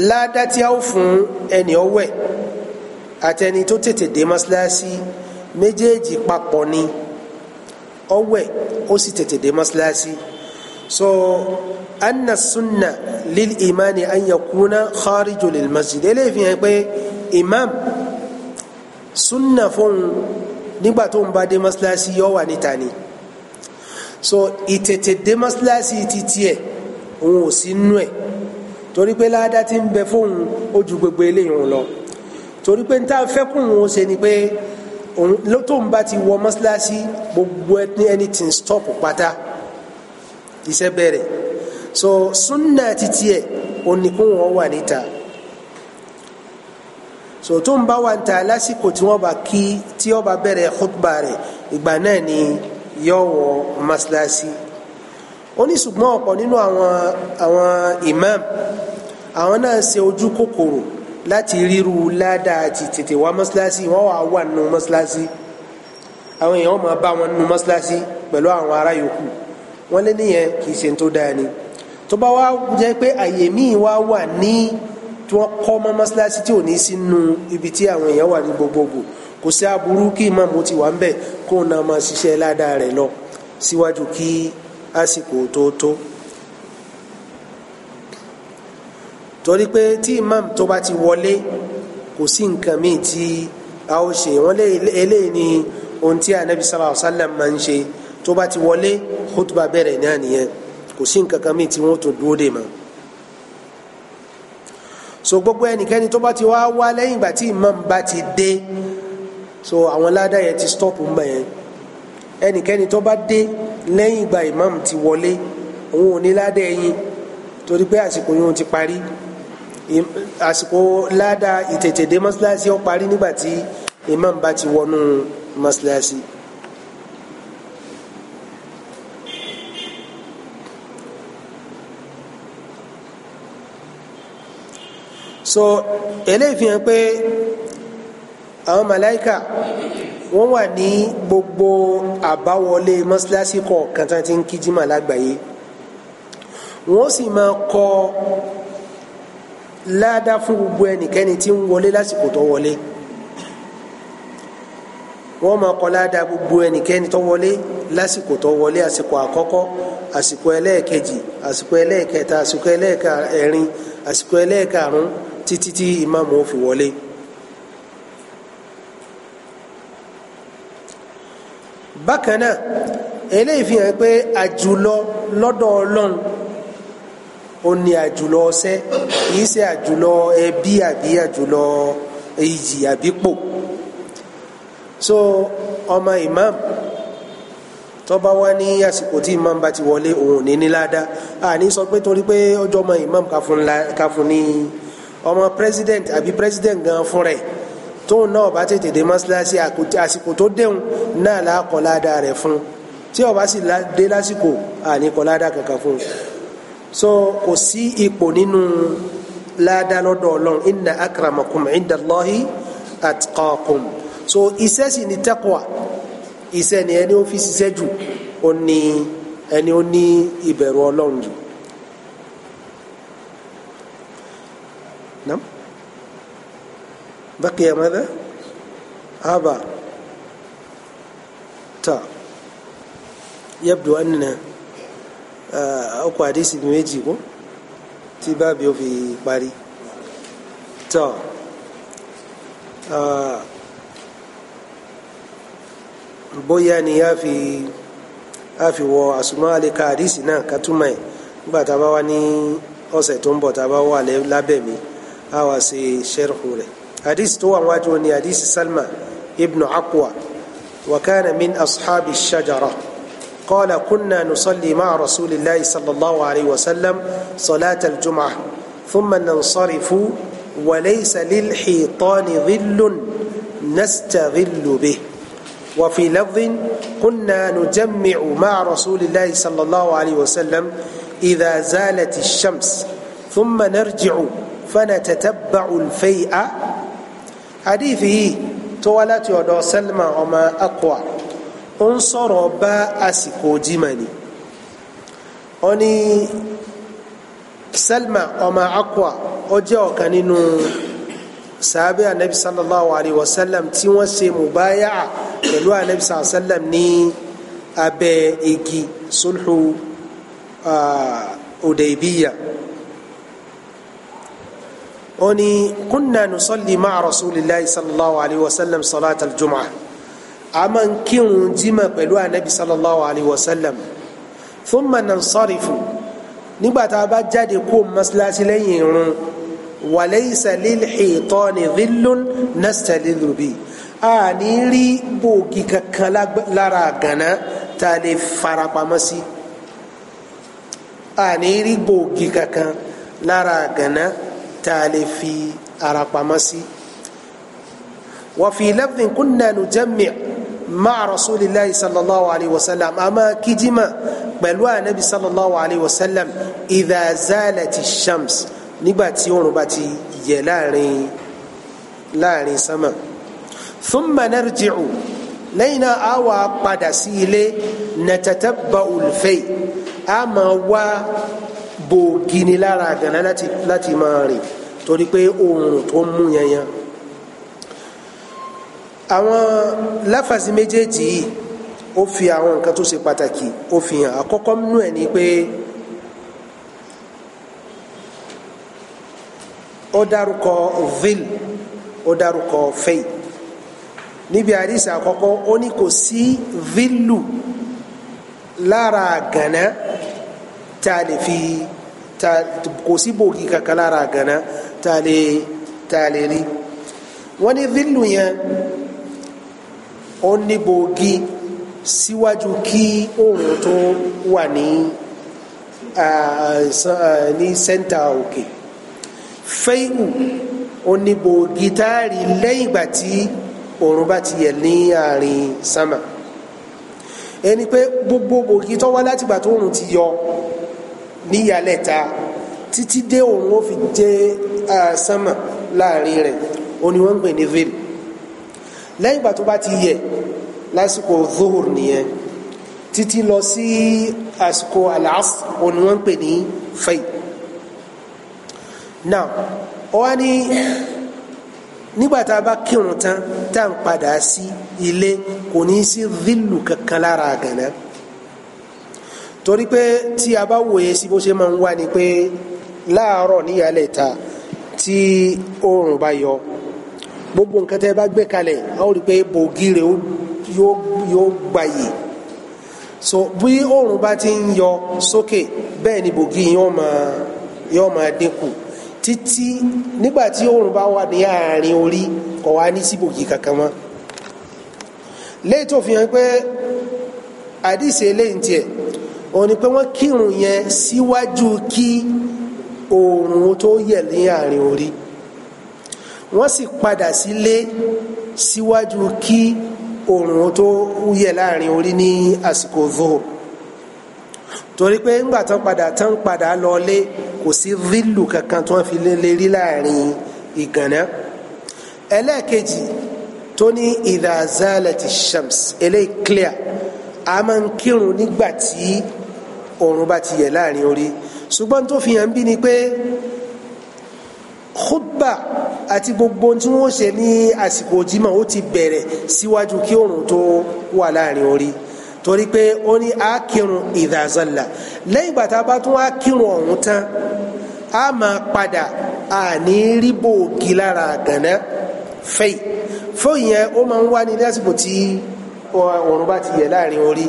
ládá tí a ó fún ẹnì ọwẹ́ àtẹni tó tètè dé mọ́ṣáláṣí méjèèjì papọ̀ ni. Pe, ọwẹ ó sì tètè dé mọ́sálásí so anna sunna lil imani an yakuna khariju lil masjid eléyìí fi hàn pé imam sunna fún nígbà tó ń bá dé mọ́sálásí yọ wà níta ni so ìtètè dé mọ́sálásí ti tiẹ̀ òun ò sí nú ẹ̀ torí pé ládá ti ń bẹ fóun ó ju gbogbo eléyìí òun lọ torí pé n ta fẹ́ kóun ó ṣe ni pé òun tó ń bá ti wọ mọ́ṣáláṣí gbogbo ẹni tí ń stop pátá iṣẹ́ bẹ̀rẹ̀ so sunna titi ẹ̀ oníkún wọn wà níta so tó ń bá wà níta lásìkò tí wọ́n bá kí tí ó bá bẹ̀rẹ̀ khutba rẹ̀ ìgbà náà ni yọ wọ mọ́ṣáláṣí ó ọ̀pọ̀ nínú àwọn àwọn imam àwọn náà ṣe ojú kòkòrò láti ríru ládàá àti tètè wá mọ́ṣáláṣí wọ́n wà wà nù mọ́ṣáláṣí àwọn èèyàn máa bá wọn nù mọ́ṣáláṣí pẹ̀lú àwọn ará yòókù wọ́n lé nìyẹn kì í ṣe tó dáa ni tó bá wá jẹ́ pé àyè míì wá wà ní tí wọ́n kọ́ mọ́ mọ́ṣáláṣí tí ò ní sínú ibi tí àwọn èèyàn wà ní gbogbogbò kò sí aburú kí ìmáàmù ti wà ń bẹ̀ kó náà máa ṣiṣẹ́ ládàá rẹ̀ lọ síwájú kí àsìkò tó tó. torí pé tí imam tó bá ti wọlé kò sí nǹkan míì tí a ó ṣe wọn eléyìí ni ohun tí anabi sallallahu alayhi wa máa ń ṣe tó bá ti wọlé khutba bẹ̀rẹ̀ náà nìyẹn kò sí nǹkan kan míì tí wọ́n tún dúró dè mọ́ so gbogbo ẹnikẹ́ni tó bá ti wá wá lẹ́yìn ìgbà tí imam bá ti dé so àwọn ládàá yẹn ti stop ń bẹ̀ yẹn ẹnikẹ́ni tó bá dé lẹ́yìn ìgbà imam ti wọlé òun ò ní ládàá ẹyin torí pé àsìkò yìí ti parí àsìkò láda ìtètè dé mọ́sálásí ó parí nígbà tí imam bá ti wọnú mọ́sálásí. so eléyìí fi hàn pé àwọn màláìka wọ́n wà ní gbogbo àbáwọlé mọ́sálásí kọ̀ọ̀kan tí wọ́n ti ń kíjí màlágbàáyé wọ́n sì máa kọ́ ọ láàdá fún gbogbo ẹnikẹ́ni tí ń wọlé lásìkò tó wọlé wọ́n máa kọ láàdá gbogbo ẹnikẹ́ni tó wọlé lásìkò tó wọlé àsìkò àkọ́kọ́ àsìkò ẹlẹ́ẹ̀kejì àsìkò ẹlẹ́ẹ̀kẹta àsìkò ẹlẹ́ẹ̀kẹrin àsìkò ẹlẹ́ẹ̀karùn títí tí ìmáàmù ó fi wọlé. bákan náà eléyìí fi hàn pé àjùlọ lọ́dọ̀ ọlọ́run ó ní àjùlọ ọsẹ kìí ṣe àjùlọ ẹbí àbí àjùlọ ìjì àbí pò so ọmọ imam tọba wa ní àsìkò tí imam bá ti wọlé òun ní ní ládá àní sọ pé torí pé ọjọ́ ọmọ imam káfún ní ọmọ president àbí president gan fún rẹ̀ tóun náà bá tètè dé mọ́ṣáláṣí àsìkò tó déhùn náà lákọ̀ọ́ ládàá rẹ̀ fún tí ó bá sì dé lásìkò àní kankan fún un so kò sí ipò nínú ládàá lọ́dọ̀ ọlọ́run inna inda Allahi atqakum so iṣẹ́ sì ni taqwa iṣẹ́ ni ẹni ó fi ṣiṣẹ́ jù ó ní ẹni ó ní ìbẹ̀rù ọlọ́run jù. نعم بقي ماذا هبا تا يبدو أننا Eh, ọkọ̀ àdísì méjì kún tí báàbí ó fi parí tọ́ eh, bóyá ni a fi a fi wọ àsùnmọ́ àleka àdísì náà ká túmọ̀ ẹ̀ nígbà tá a bá wá ní ọ̀sẹ̀ tó ń bọ̀ tá a bá wà lábẹ́ mi a wá ṣe ṣẹ́rùkù rẹ̀ àdísì tó wà wájú ni àdísì Salma ibnu Aqwa wa kana min ashabi shajara. قال كنا نصلي مع رسول الله صلى الله عليه وسلم صلاة الجمعة ثم ننصرف وليس للحيطان ظل نستظل به وفي لفظ كنا نجمع مع رسول الله صلى الله عليه وسلم إذا زالت الشمس ثم نرجع فنتتبع الفيء حديثه تولت يدو سلمى وما أقوى ó ń sọ̀rọ̀ bá àsìkò jimá ni ó ní Salma ọmọ Akwa ó jẹ́ ọ̀kan nínú sàbẹ̀ anabi sallallahu alayhi wa sallam tí wọ́n ṣe mubaya pẹ̀lú anabi sallallahu alayhi wa sallam ní abẹ́ igi sulhu Udaybiya. Uh, أني كنا نصلي مع رسول الله صلى الله عليه وسلم صلاة a máa ń kírun jimá pẹ̀lú anabi sallallahu alayhi wa sallam thumma nansarifu nígbà tá a bá jáde kó mọ́sálásí lẹ́yìn irun walaysa lil hitani dhillun nastadillu bi a ní rí bòógì kankan lára gànà tá a lè farapamọ́ sí a ní rí bòógì kankan lára gànà tá lè fi ara pamọ́ sí. wàfi lafdhin kunna nujammi' ma'a rasulillahi sallallahu alayhi wa sallam a máa kíjìmà pẹ̀lú ànábi sallallahu alayhi wa sallam idha zalati shams nígbà tí oòrùn bá ti yẹ láàrin láàrin sámà thumma narji'u lẹ́yìn náà a wà padà sí ilé natatabba'ul fay a máa wá bògini lára àgànná láti máa rìn torí pé oòrùn tó mú yẹn yẹn àwọn láfàsí méjèèjì yìí ó fi àwọn nǹkan tó ṣe pàtàkì ó fi hàn àkọ́kọ́ nínú ẹ̀ ni pé ó dárúkọ vil ó dárúkọ fei níbi àdìsí àkọ́kọ́ ó ní kò sí vilu lára àgànná tá a lè fi tá kò sí bòógì kankan lára àgànná tá a lè tá a lè rí wọ́n ní vilu yẹn ó ní bòógì síwájú kí oòrùn tó wà ní ní sẹ́ńtà òkè fẹ́ìhù ó ní bòógì táàrí lẹ́yìn ìgbà tí oòrùn bá ti yẹ̀ ní àárín sámà ẹni pé gbogbo bòógì tó wá láti ìgbà tó oòrùn ti yọ ní ìyálẹ̀ta títí dé oòrùn ó fi dé sámà láàrin rẹ̀ ó ní wọ́n ń pè ní veil lẹ́yìn ìgbà tó bá ti yẹ lásìkò zuhur nìyẹn títí lọ sí àsìkò al-asr òun ń pè ní fay now ó wá ní nígbà tá a bá kírun tán tá à ń padà sí ilé kò ní sí zílù kankan lára àgànná torí pé tí a bá wòye sí bó ṣe máa ń wá ni pé láàárọ̀ níyàlẹ̀ ta tí oòrùn bá yọ gbogbo nǹkan tẹ́ bá gbé kalẹ̀ ó rí pé bògì rẹ̀ yóò gbayì so bí oòrùn bá ti ń yọ sókè bẹ́ẹ̀ ni bògì yóò máa dínkù títí nígbà tí oòrùn bá wà ní àárín orí kò wá ní sí bògì kankan mọ́ léyìí tó fi hàn pé àdìsí eléyìí tiẹ̀ òun ni pé wọ́n kírun yẹn síwájú kí oòrùn tó yẹ̀ ní àárín orí. wọ́n sì padà sílé síwájú kí oòrùn tó yẹ láàrin orí ní àsìkò zohor torí pé ńgbà tán padà tán padà lọlé kò sí rílù kankan tí wọ́n fi lè rí láàrin ìgànná ẹlẹ́ẹ̀kejì tó ní idha zalati shams eléyìí clear a máa ń kírun nígbà tí oòrùn bá ti yẹ láàrin orí ṣùgbọ́n tó fi hàn bí ni pé khutba àti gbogbo tí wọ́n ṣe ní àsìkò jimá ó ti bẹ̀rẹ̀ síwájú kí oòrùn tó wà láàrin orí torí pé ó ní a kírun ìdàzàlà lẹ́yìn ìgbà tá a bá tún a kírun ọ̀hún tán a máa padà a ní rí bòógì lára àgànná fẹ́yì fẹ́yì yẹn ó máa ń wá ní lásìkò tí oòrùn bá ti yẹ láàrin orí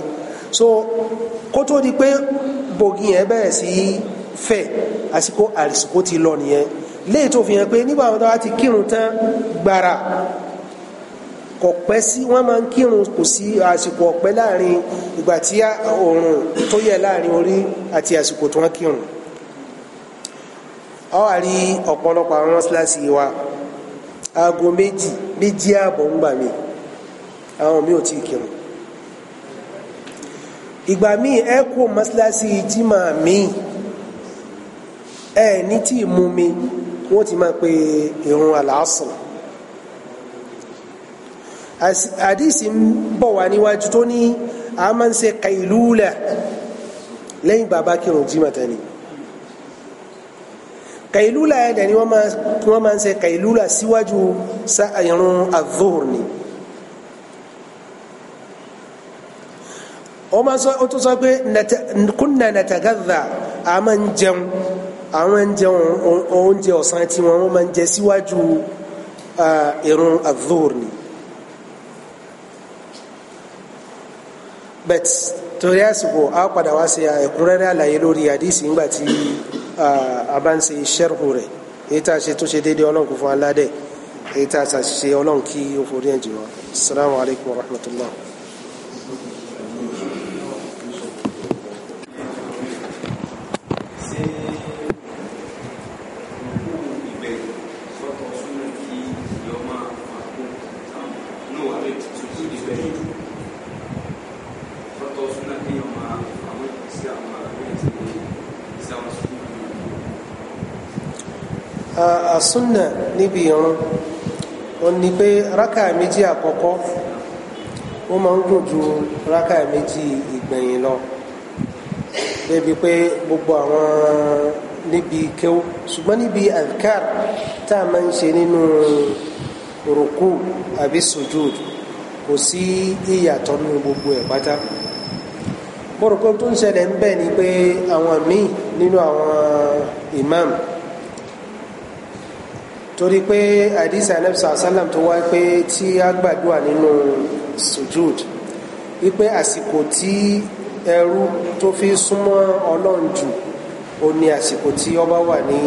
so kó tó di pé bòógì yẹn bẹ̀rẹ̀ sí fẹ́ àsìkò àsìkò ti lọ nìyẹn léyìí tó fi hàn pé nígbà wọn bá ti kírun tán gbàrà kò pẹ́ sí wọ́n máa ń kírun kò sí àsìkò ọ̀pẹ́ láàrin ìgbà tí oòrùn tó yẹ láàrin orí àti àsìkò tó wọ́n kírun ọ wà rí ọ̀pọ̀lọpọ̀ àwọn mọ́ṣáláṣí wa aago méjì méjì ààbọ̀ ń gbà mí àwọn mi ò tí ì kírun ìgbà míì ẹ kó mọ́ṣáláṣí jimá míì ẹ ní tí ì mú mi wọ́n ti máa pe ìrun àlàásùn àdìsí ń bọ̀ wá níwájú tó ní a máa ń ṣe kailula lẹ́yìn bàbá kírun jimá tani kailula ẹ̀dẹ̀ ni wọ́n máa ń ṣe kailula síwájú ìrun àdúhùr ni. ó tún sọ pé kúnnà nàtàgàdà a máa ń jẹun àwọn ń jẹ oúnjẹ ọ̀sán tí wọn wọ́n máa ń jẹ síwájú ìrun adúr ni bet torí àsìkò a padà wá sí ẹ̀kúnrẹ́rẹ́ àlàyé lórí àdìsí ńgbà tí a bá ń ṣe sẹ́rù rẹ̀ èyí tá a ṣe tó ṣe déédéé ọlọ́run kò fún aládẹ́ èyí tá a ṣe ọlọ́run kí o forí ẹ̀ jù wá assalamu alaikum warahmatullah. àsúnà níbi ìrun wọn ni pé rákà méjì àkọ́kọ́ wọ́n máa ń gùn ju rákà méjì ìgbẹ̀yìn lọ débi pé gbogbo àwọn níbi kéwú ṣùgbọ́n níbi adkar tá a máa ń ṣe nínú rùkú àbí sujud kò sí ìyàtọ̀ nínú gbogbo ẹ̀ pátá mo rò pé tó ń ṣẹlẹ̀ ń bẹ̀ ni pé àwọn míì nínú àwọn imam torí pé àdìsí anabisa salam tó wá pé tí a gbàdúrà nínú sujud wípé àsìkò tí ẹrú tó fi súnmọ́ ọlọ́run jù ó ní àsìkò tí ọba wà ní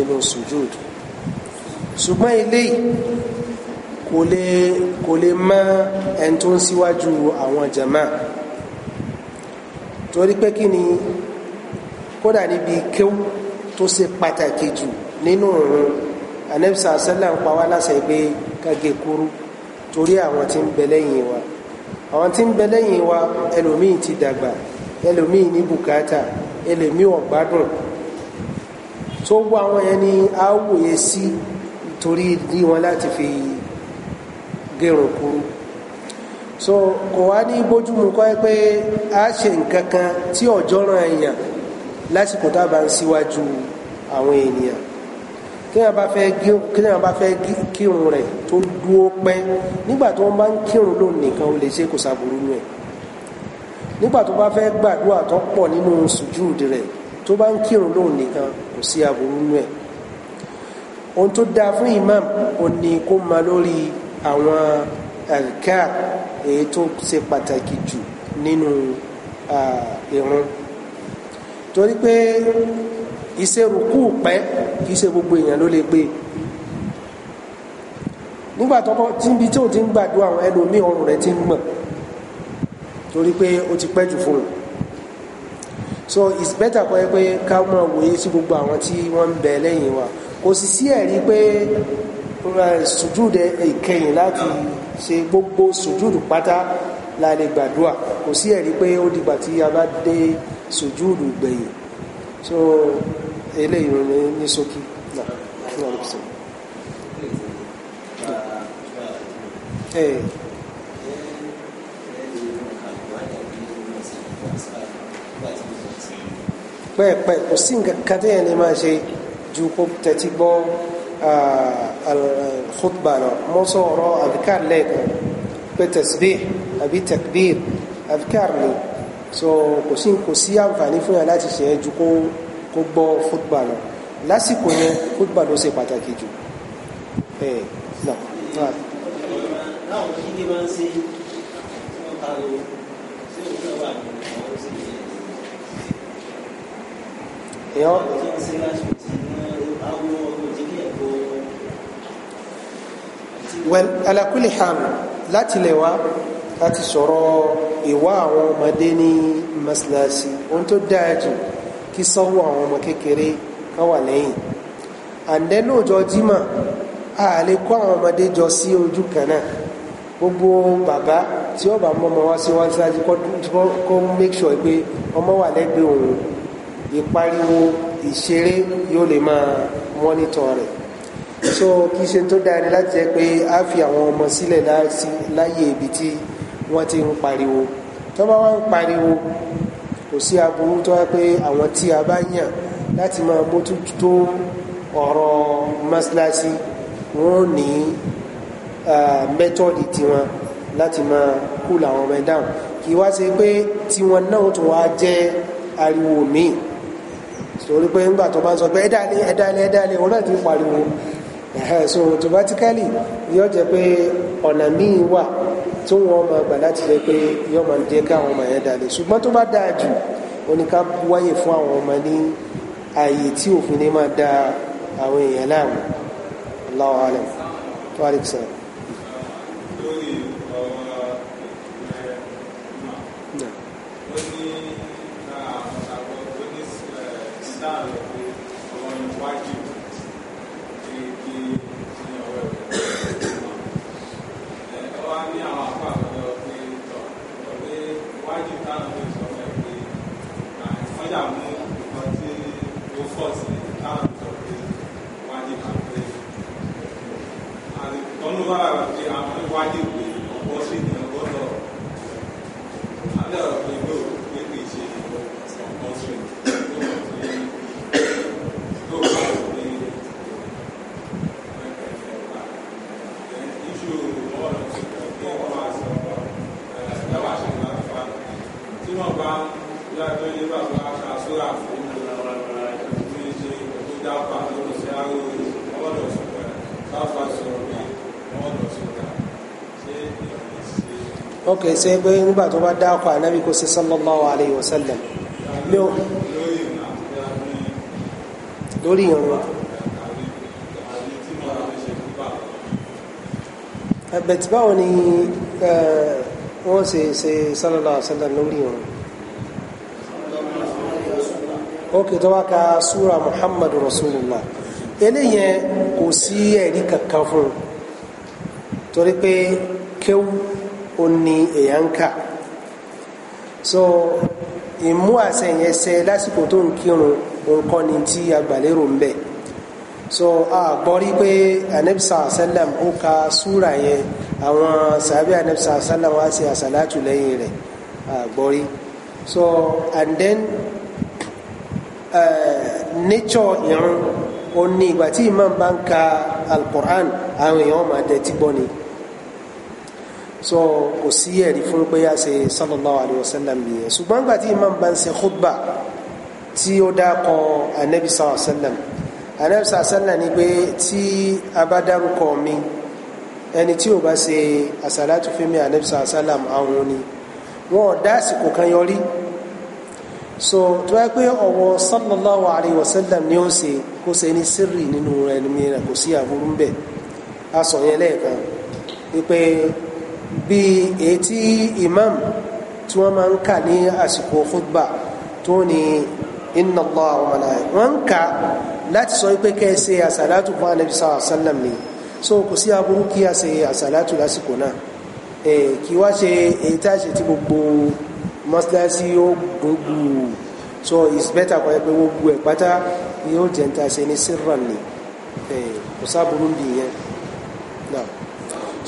inú sujud ṣùgbọ́n eléyìí kò lè kò lè mọ ẹni tó ń síwájú àwọn jama torí pé kí ni kódà níbi kéwú tó ṣe pàtàkì jù nínú òun anabisa asẹ́là ń pa wá láṣẹ pé káge torí àwọn tí ń bẹ lẹ́yìn wa àwọn tí ń bẹ lẹ́yìn wa ẹlòmíì ti dàgbà ẹlòmíì ní bùkátà ẹlòmíì ọ̀gbádùn tó gbọ́ àwọn yẹn ni a wòye sí torí ní wọn láti fi gẹrun kúrú so kò wá ní bójúmu kọ́ pé a ṣe nǹkan kan tí ọ̀jọ́ràn èèyàn lásìkò tá a bá ń síwájú àwọn ènìyàn téèyàn bá fẹ́ téèyàn bá fẹ́ kírun rẹ̀ tó dúró pẹ́ nígbà tó ń bá ń kírun lónìí nìkan ó lè ṣe kò sàbúrú nù ẹ̀ nígbà tó bá fẹ́ gbàdúrà tó pọ̀ nínú sùjúùdì rẹ̀ tó bá ń kírun lónìí nìkan kò sí àbúrú nù ẹ̀ ohun tó dáa fún imam ò ní kó ma lórí àwọn ẹ̀ka èyí tó ṣe pàtàkì jù nínú ìrun torí pé ìṣerùkú pẹ́ kìí ṣe gbogbo èèyàn ló lè gbé nígbà tọ́kọ́ tí ibi tí ò ti ń gbàdúrà àwọn ẹlòmíì ọrùn rẹ̀ ti ń gbọ̀n torí pé ó ti pẹ́ fún un so it's better kọ́ ẹ pé ká máa wòye sí gbogbo àwọn tí wọ́n ń bẹ lẹ́yìn wa kò sì sí ẹ̀rí pé eh, sùjúdù ìkẹyìn láti ṣe gbogbo sùjúdù pátá la lè gbàdúrà kò sí ẹ̀rí pé ó dìgbà tí a bá dé sùjúdù gbẹ̀yìn so eléyìí ní ní sókí náà ní wọ́n lè sọ. pẹ́ẹ̀pẹ́ kò sí nǹkan kan tẹ́yẹ̀ ní máa ṣe ju kó tẹ́tí gbọ́ alkhutba lọ mo sọ ọ̀rọ̀ adhkar lẹ́ẹ̀kan pé tasbih àbí takbir adhkar ni so kò sí kò sí àǹfààní fún yàn láti ṣe é ju kó kó gbọ́ fútbà lọ lásìkò yẹn fútbà ló ṣe pàtàkì jù ẹ náà náà. báwo kí ni máa ń ṣe wọn ta lo ṣé o fẹ́ wà ní àwọn ṣe yẹn. èèyàn. kí n ṣe láti ti mọ àwọn ọmọ ìdílé ẹ̀kọ́. well ala kulli hal láti lè wá a ti sọ̀rọ̀ ìwà àwọn ọmọdé ní mọ́sálásí ohun tó dáa jù kí sọ́wọ́ àwọn ọmọ kékeré kan wà lẹ́yìn àǹdẹ́ lóòjọ́ jímọ̀ a lè kó àwọn ọmọdé jọ sí ojú kan náà gbogbo bàbá tí ó mọ́mọ́ wá sí wá síwájú kó make sure pé ọmọ wà lẹ́gbẹ̀ẹ́ òun ìpariwo ìṣeré yóò lè máa mọ́nítọ̀ rẹ̀ so kí ṣe tó dáa ni láti jẹ́ pé a fi àwọn ọmọ sílẹ̀ láàyè ibi tí wọ́n ti ń pariwo tó bá wá ń pariwo kò sí aburú tó wá pé àwọn tí a bá yàn láti máa mójútó ọ̀rọ̀ mọ́sálásí wọ́n ní mẹ́tọ́dì tiwọn láti máa kú làwọn ọmọ ẹ̀dáhùn kì wá ṣe pé tiwọn náà tún wá jẹ́ ariwo míì torí pé ńgbà tó bá ń sọ pé ẹ̀dálẹ̀ ẹ̀dálẹ̀ ẹ̀dálẹ̀ wọn náà ti pariwo so automatically yóò jẹ́ pé ọ̀nà míì wà tó wọn máa gbà láti rẹ pé yọ máa jẹ káwọn ọmọ yẹn dalẹ̀ ṣùgbọ́n tó bá dáa jù ó ní ká wáyè fún àwọn ọmọ ní ààyè tí òfin ní máa da àwọn èèyàn láàmú Allahu alam tó àlè sọ̀rọ̀. ṣe pé nígbà tó bá dákọ̀ ànábì kò ṣe sallallahu alayhi wa sallam lórí ìrìn ẹ̀bẹ̀tì báwo ni wọ́n ṣe ṣe sallallahu alayhi wa sallam lórí ìrìn ókè tó bá ka súra muhammadu rasulullah eléyẹn kò sí ẹ̀rí kankan fún torí pé kéwù ó ní so ìmú àṣẹ yẹn ṣe lásìkò tó ń kírun nǹkan ni tí agbàlérò ń bẹ so a gbọ́ rí pé anabisa asalam ó ka súra yẹn àwọn sàbí anabisa asalam wá sí àsàlátù lẹ́yìn rẹ̀ a so and then uh, nature irun ó ní ìgbà tí imam bá ń ka alukur'an àwọn èèyàn máa dẹ̀ gbọ́ ni so kò sí ẹ̀rí fún pé a ṣe sallallahu alayhi wa sallam nìyẹn ṣùgbọ́n nígbà tí imam khutba tí ó dákọ anabi sallallahu alayhi a bá dárúkọ mi ẹni tí ò bá ṣe àṣàlátù fún mi anabi sallallahu alayhi wa sallam àwọn ni dá àsìkò kan yọrí so tó yẹ pé ọwọ́ sallallahu alayhi wa sallam ni ó ṣe kó ṣe ní sírì nínú ẹni mìíràn kò sí àbúrú ń bẹ̀ wípé bí èyí tí imam tí wọ́n máa ń kà ní àsìkò khutba tó ní inna Allah wa malaika wọ́n ń kà láti sọ pé kẹ́ ẹ ṣe àsàlátù fún anabi sallallahu alayhi ni so kò sí aburú kí a ṣe àsàlátù lásìkò náà kí wá ṣe èyí tá a ṣe tí gbogbo mọ́sálásí ó gbogbo so it's better kọ́ ẹ pé gbogbo ẹ̀ pátá yóò jẹ́ ń ta ṣe ní síràn ni kò sáburú nìyẹn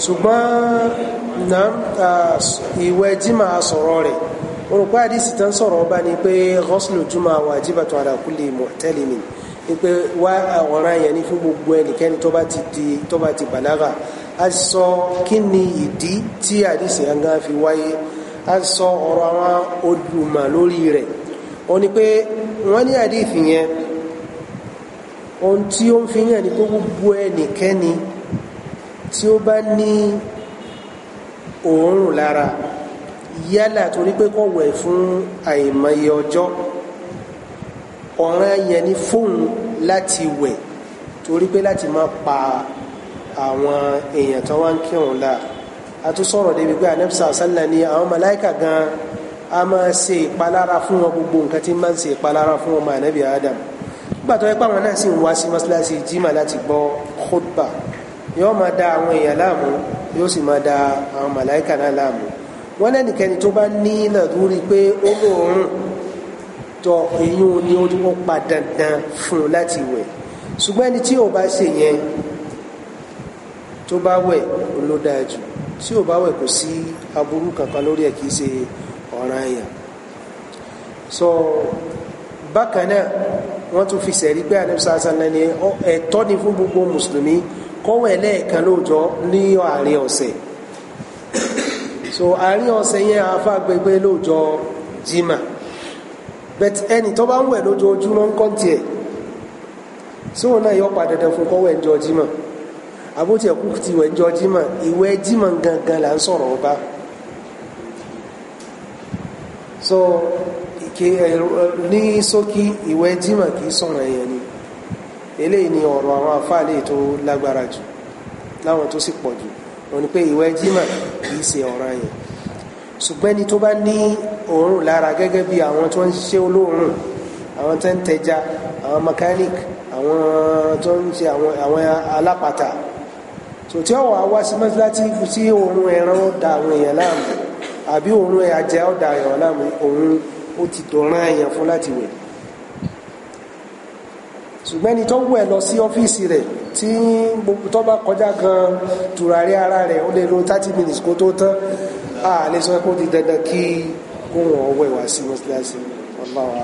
ṣùgbọ́n ìwẹ̀ jimá sọ̀rọ̀ rẹ̀ orúkọ àdìsí tán sọ̀rọ̀ ọba ni pé ghuslu juma wajibatu ala kulli muhtalimin ni pé wá ọ̀ràn yẹn ní fún gbogbo ẹnikẹ́ni tó bá ti di tó bá ti bàlágà a sọ kí ni ìdí tí àdìsí yanga fi wáyé a sọ ọ̀rọ̀ àwọn olùmọ̀ lórí rẹ̀ ó ní pé wọ́n ní àdìsí yẹn ohun tí ó ń fi yàn ní pé gbogbo ẹnikẹ́ni tí ó bá ní òórùn lára yálà torí pé kò wẹ̀ fún àìmọye ọjọ́ ọ̀ràn yẹn ni fóun láti wẹ̀ torí pé láti má pa àwọn èèyàn tó wá ń kírun la a tún sọ̀rọ̀ débi pé anabisa sálà ni àwọn màláíkà gan a máa ṣe ìpalára fún wọn gbogbo nǹkan tí máa ń ṣe ìpalára fún ọmọ ànábì adam nígbà tó yẹ pé àwọn náà sì ń wá sí mọ́ṣáláṣí jimá láti gbọ́ khutba yóò máa da àwọn èèyàn láàmú yóò sì máa da àwọn màláìkà náà láàmú wọn lẹ́nìkẹ́ni tó bá ní làdúrí pé ó lóorùn tó eyín ni ó ti wọ́n pa dandan fún un láti wẹ̀ ṣùgbọ́n ẹni tí ò bá ṣe yẹn tó bá wẹ̀ ló dáa jù tí ò bá wẹ̀ kò sí aburú kankan lórí ẹ̀ kìí ṣe ọ̀ràn èèyàn so bákan náà wọ́n tún fi sẹ̀rí pé àníbísà sálẹ̀ ni ẹ̀tọ́ ni fún gbogbo mùsùlùmí kọ́wọ́ ẹ̀ lẹ́ẹ̀kan lóòjọ́ ní àárín ọ̀sẹ̀ so àárín ọ̀sẹ̀ yẹn afá gbẹgbẹ lóòjọ́ jimá but ẹni tó bá ń wẹ̀ lójoojúmọ́ ń kọ́ tiẹ̀ so náà yọ dandan fún ń jọ jimá àbótiẹ̀ ti wẹ̀ ń jọ jimá ìwẹ̀ jimá gangan là ọba so ní jimá kì í sọ̀rọ̀ eléyìí ni ọ̀rọ̀ àwọn afáàlẹ tó lágbára jù láwọn tó sì pọ̀ jù wọ́n ní pé ìwẹ̀ jimá kìí ṣe ọ̀ràn yẹn ṣùgbọ́n ẹni tó bá ní òórùn lára gẹ́gẹ́ bí àwọn tó ń ṣe olóòórùn àwọn tó ń tẹja àwọn mechanic àwọn tó ń ṣe àwọn alápàtà tò tí ọwọ́ wá sí mọ́síláti sí òórùn ẹran da àwọn èèyàn láàmú àbí òórùn ẹ̀jẹ̀ ọ̀dà èèyàn láàmú òun ó ti dọ̀ràn èèyàn fún láti wẹ̀ ṣùgbọ́n ẹni tó wẹ̀ lọ sí ọ́fíìsì rẹ̀ tí tó bá kọjá gan tùràrí ara rẹ̀ ó lè lo thirty minutes kó tó tán a lè sọ pé ó di dandan kí kóhùn ọwọ́ ìwà sí mọ́síláṣí wallahu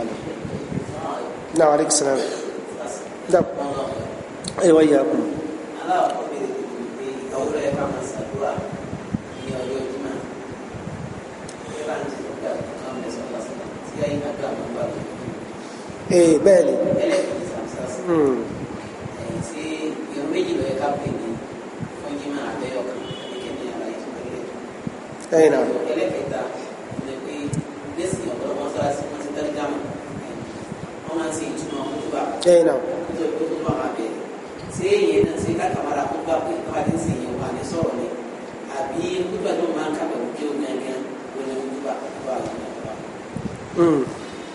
Hmm. tí ìrun méjì lọ́yẹ ká pè ní fọ́njímà àbẹ́yọkàn àbíkẹ́ni àlàyé ẹ̀yìn náà. ẹlẹ́kẹta ni pé gbèsè ọ̀pọ̀lọpọ̀ mọ́sálásí wọn ti tẹ́lẹ̀ dáhùn wọn máa ń ìtumọ̀ ọmọdúbà. ẹ̀yìn náà. nítorí pé máa bẹ̀ ṣé èyí náà ṣe kákàmárà kó gbà pé káwá ti ń wà ní sọ̀rọ̀ ni àbí kúgbà tó máa ń kábẹ̀ kí ó gángan wọlé kúgbà tó wà lọ́wọ́. Hmm.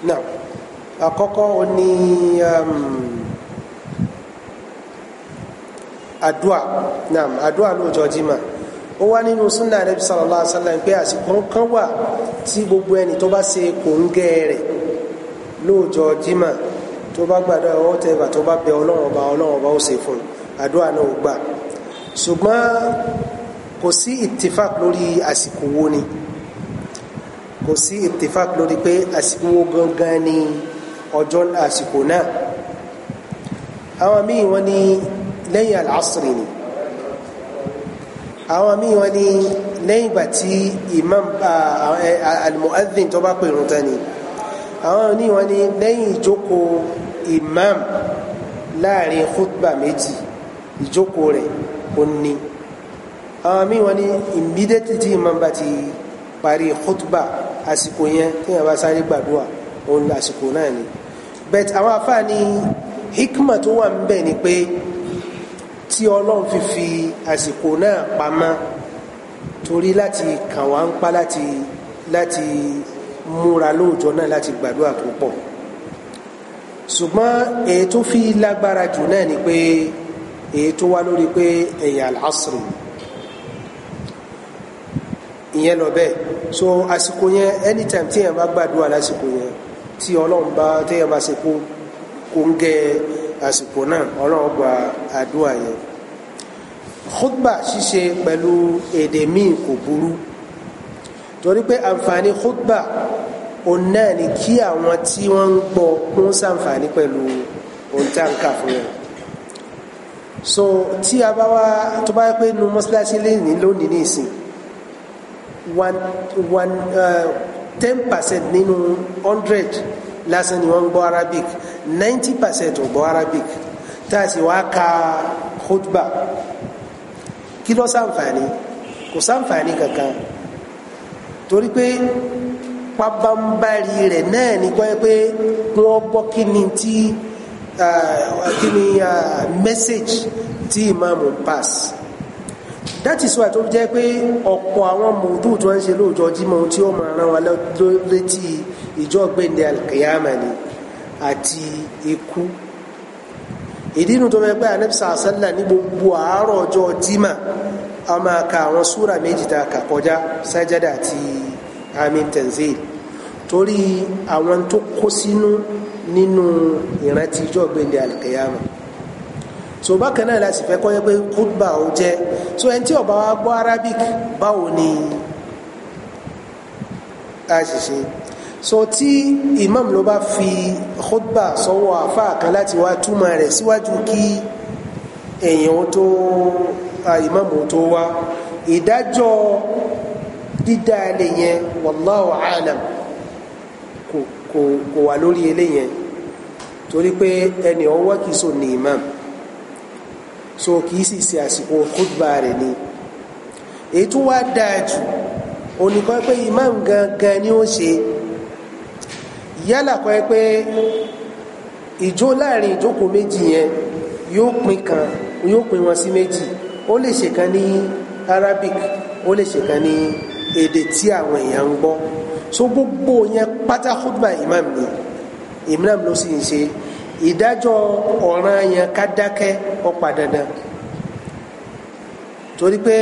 náà àkọ́kọ́ ni. Um, àdúà naam àdúà lóòjọ́ jimá ó wá nínú sunna nabi sallallahu alaihi pé àsìkò kan wà tí gbogbo ẹni tó bá ṣe kòńgẹ́ rẹ̀ lóòjọ́ jimá tó bá gbàdúrà ọwọ́ tẹ́bà tó bá bẹ ọba ọba ó ṣe fún un na náà ó gbà ṣùgbọ́n kò sí ìtìfàk lórí àsìkò wo ni kò sí ìtìfàk lórí pé àsìkò wo lẹ́yìn alásìrì ni àwọn míì wọn ní lẹ́yìn ìgbà tí imam almu'adhin tó bá pèrún tán ni àwọn míì wọn ní lẹ́yìn ìjókòó imam láàrin khutba méjì ìjókòó rẹ̀ ó ní àwọn míì wọn ní immediately tí imam bá ti parí khutba àsìkò yẹn tí wọn bá sáré gbàdúrà òun lásìkò náà ni bẹ́ẹ̀ àwọn afáàní hikma tó wà ń bẹ ni pé tí ọlọ́run fi fi àsìkò náà pamọ́ torí láti kàn wá ń pa láti láti múra lóòjọ́ náà láti gbàdúrà tó pọ̀ ṣùgbọ́n èyí tó fi lágbára jù náà ni pé èyí tó wá lórí pé ẹ̀yà al ìyẹn lọ bẹ́ẹ̀ so àsìkò yẹn anytime tí èèyàn bá gbàdúrà lásìkò yẹn tí ọlọ́run bá téèyàn bá ṣe kó kó ń gẹ àsìkò náà ọlọ́run gba àdúrà yẹn khutba ṣíṣe pẹ̀lú èdè míì kò burú torí pé àǹfààní khutba òun náà ni kí àwọn tí wọ́n ń gbọ́ kún sàǹfààní pẹ̀lú ohun tá à ń kà fún wọn so tí a bá wá tó bá pé nu mọ́ṣáláṣí lẹ́yìn lónìí nìsín one one uh, ten percent nínú hundred lásán ni wọ́n ń gbọ́ arabic ninety percent ò gbọ́ arabic tá sì wá ka khutba kí ló sàǹfààní kò sàǹfààní kankan torí pé pabambari rẹ̀ náà ní kọ́ ẹ pé wọ́n gbọ́ kí ni tí kí ni message tí ìmáàmù pass that is why tó jẹ́ pé ọ̀pọ̀ àwọn mòdù tó ń ṣe lóòjọ́ jímọ̀ tí ó máa rán wa létí ìjọ gbẹ̀ndẹ̀ alkiyama ni àti ikú. E ìdí inú tó mẹ́gbẹ́ anabisa asálà ní gbogbo àárọ̀ ọjọ́ jimá a máa ka àwọn súra méjì tá a kà kọjá sajada àti amin tanzil torí àwọn tó kó sínú nínú ìrántí ìjọ gbẹ̀ndẹ̀ alikiyama so bákan náà la sì fẹ́ kọ́ yẹ pé kúdùbà ó jẹ́ so ẹni tí ó bá wa gbọ́ arabic báwo ni a ṣe ṣe so tí imam ló bá fi khutba sọ́wọ́ àfáà kan láti wá túmọ̀ rẹ̀ síwájú kí èèyàn tó imam tó wá ìdájọ́ dídá ilé yẹn wallahu alam kò kò kò wà lórí ilé yẹn torí pé ẹni ọwọ́ kìí so ní imam so kìí sì ṣe àsìkò khutba rẹ̀ ni èyí tó wá dáa jù oníkan pé imam gangan ni ó ṣe yálà kọ́ ẹ pé ìjó láàrin ìjókòó méjì yẹn yóò pín kan yóò pín wọn sí méjì ó lè ṣèkan ní Arabic ó lè ṣèkan ní èdè tí àwọn èèyàn ń gbọ́ so gbogbo yẹn pátá khutba imam ni imam ló sì ń ṣe ìdájọ́ ọ̀ràn yẹn ká dákẹ́ ó pa dandan torí pé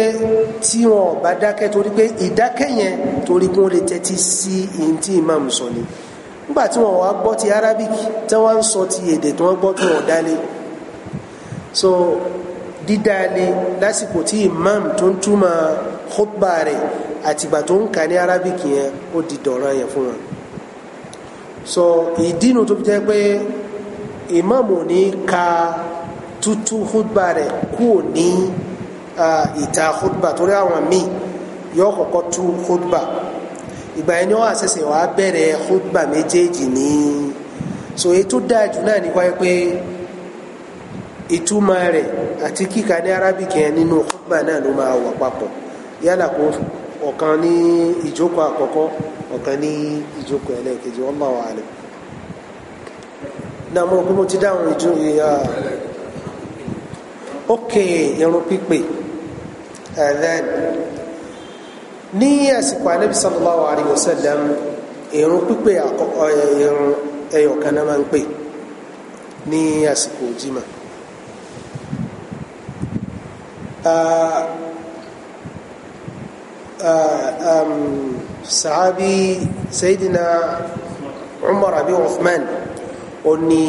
tí wọn ò bá dákẹ́ torí pé ìdákẹ́ yẹn torí pé wọ́n lè tẹ́tí sí ìyìn tí imam sọ ni. So nígbà tí wọ́n wá gbọ́ ti Arabic tí wọ́n ń sọ ti èdè tí wọ́n gbọ́ tí wọ́n dálé so dídáálé lásìkò tí imam tó ń túmọ̀ khutba rẹ̀ àtìgbà tó ń kà ní Arabic yẹn ó di dọ̀rọ̀ yẹn fún wọn so ìdínú tó fi jẹ́ pé imam ò ní ka tútú khutba rẹ̀ kúò ní ìta khutba torí àwọn míì yóò kọ́kọ́ tú khutba. ìgbà yẹn ni wọ́n àṣẹṣe abere bẹ̀rẹ̀ méjèèjì ní so ètò dáàjù náà ní pé ìtumọ̀ rẹ̀ àti kíkà ní arabic yẹn nínú khutba náà ló máa wà papọ̀ yálà kó ọ̀kan ní ìjókòó àkọ́kọ́ ọ̀kan ní ìjókòó ẹlẹ́ẹ̀kejì wallahu alim náà mo rò ti dáhùn ìyá ókè pípé ní àsìkò anabi sallallahu alayhi wa sallam irun pípé àkọ́kọ́ irun ẹyọ kan náà máa ń pè ní àsìkò jimá sàábí sayidina umar abi uthman ó ní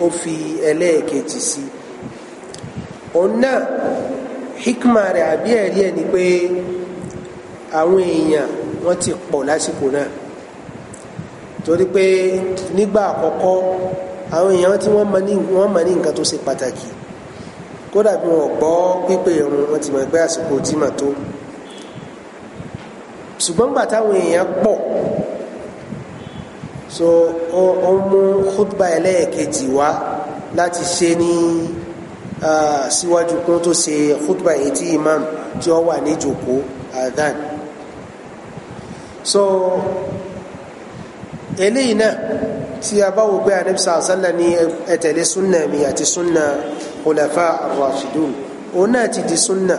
ó fi ẹlẹ́ẹ̀kejì sí òun náà hikma àbí ẹ̀rí ẹ̀ ni pé àwọn èèyàn wọ́n ti pọ̀ lásìkò náà torí pé nígbà àkọ́kọ́ àwọn èèyàn tí wọ́n mọ̀ ní nǹkan tó ṣe pàtàkì kódà bí wọ́n gbọ́ pípé irun wọ́n ti mọ̀ pé àsìkò tí mà tó ṣùgbọ́n gbà táwọn èèyàn pọ̀ so ó mú khutba ẹlẹ́ẹ̀kejì wá láti ṣe ní síwájú kún tó ṣe khutba yìí tí imam tí ó wà ní jòkó adhan. Uh, so eléyìí náà tí a bá wò pé anabisa asala ní ẹtẹ̀lé sunna mi àti sunna khulafa ar-rashidun òun náà ti di sunna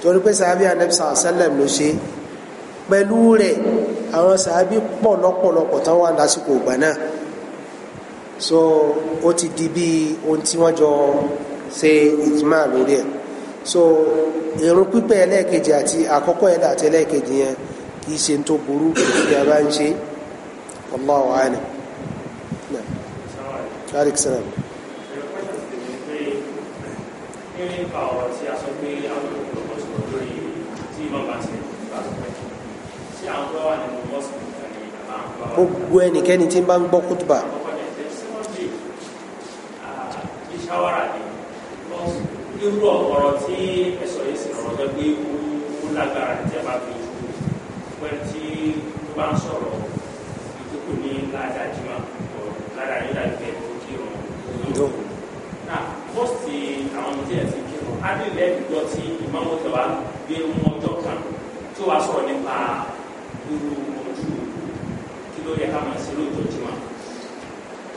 torí pé sàbí anabisa asala ló ṣe pẹ̀lú rẹ̀ àwọn sàbí pọ̀ lọ́pọ̀lọpọ̀ tán wà lásìkò ìgbà náà so ó ti di bí ohun tí wọ́n jọ ṣe ìjìmá lórí ẹ̀ so irun pípẹ́ ẹlẹ́ẹ̀kejì àti àkọ́kọ́ ẹ̀dá àti ẹlẹ́ẹ̀kejì yẹn kì í ṣe tó burú tí a bá ń ṣe wallahu a'lam náà alex salam. nípa ọ̀rọ̀ tí a sọ pé àwọn olùkọ́ sọ̀rọ̀ lórí tí ìmọ̀ bá ṣe bá sọ pé ṣé àwọn tó wà nínú gbogbo ẹnikẹ́ni tí bá ń gbọ́ kútùbà. irú ọ̀rọ̀ tí ẹ̀sọ̀ yìí sì rọ̀ lọ́gbẹ́ ó lágbára tí a bá fi pẹ́ẹ́n tí ó bá ń sọ̀rọ̀ ìdókò ní ládàjúmọ̀ ọ̀ lára yóò dàgbẹ́ tó kírun lóru. na fọ́ọ̀sì àwọn ọmọdé ẹ̀ ti kírun adìlẹ̀ ìgbọ́ tí ìmáwó tẹ̀wá gbé mú ọjọ́ kan tí wá sọ̀rọ̀ nípa irú ojú kí ló yẹ ká máa ṣe lóòótọ́ jùmọ̀.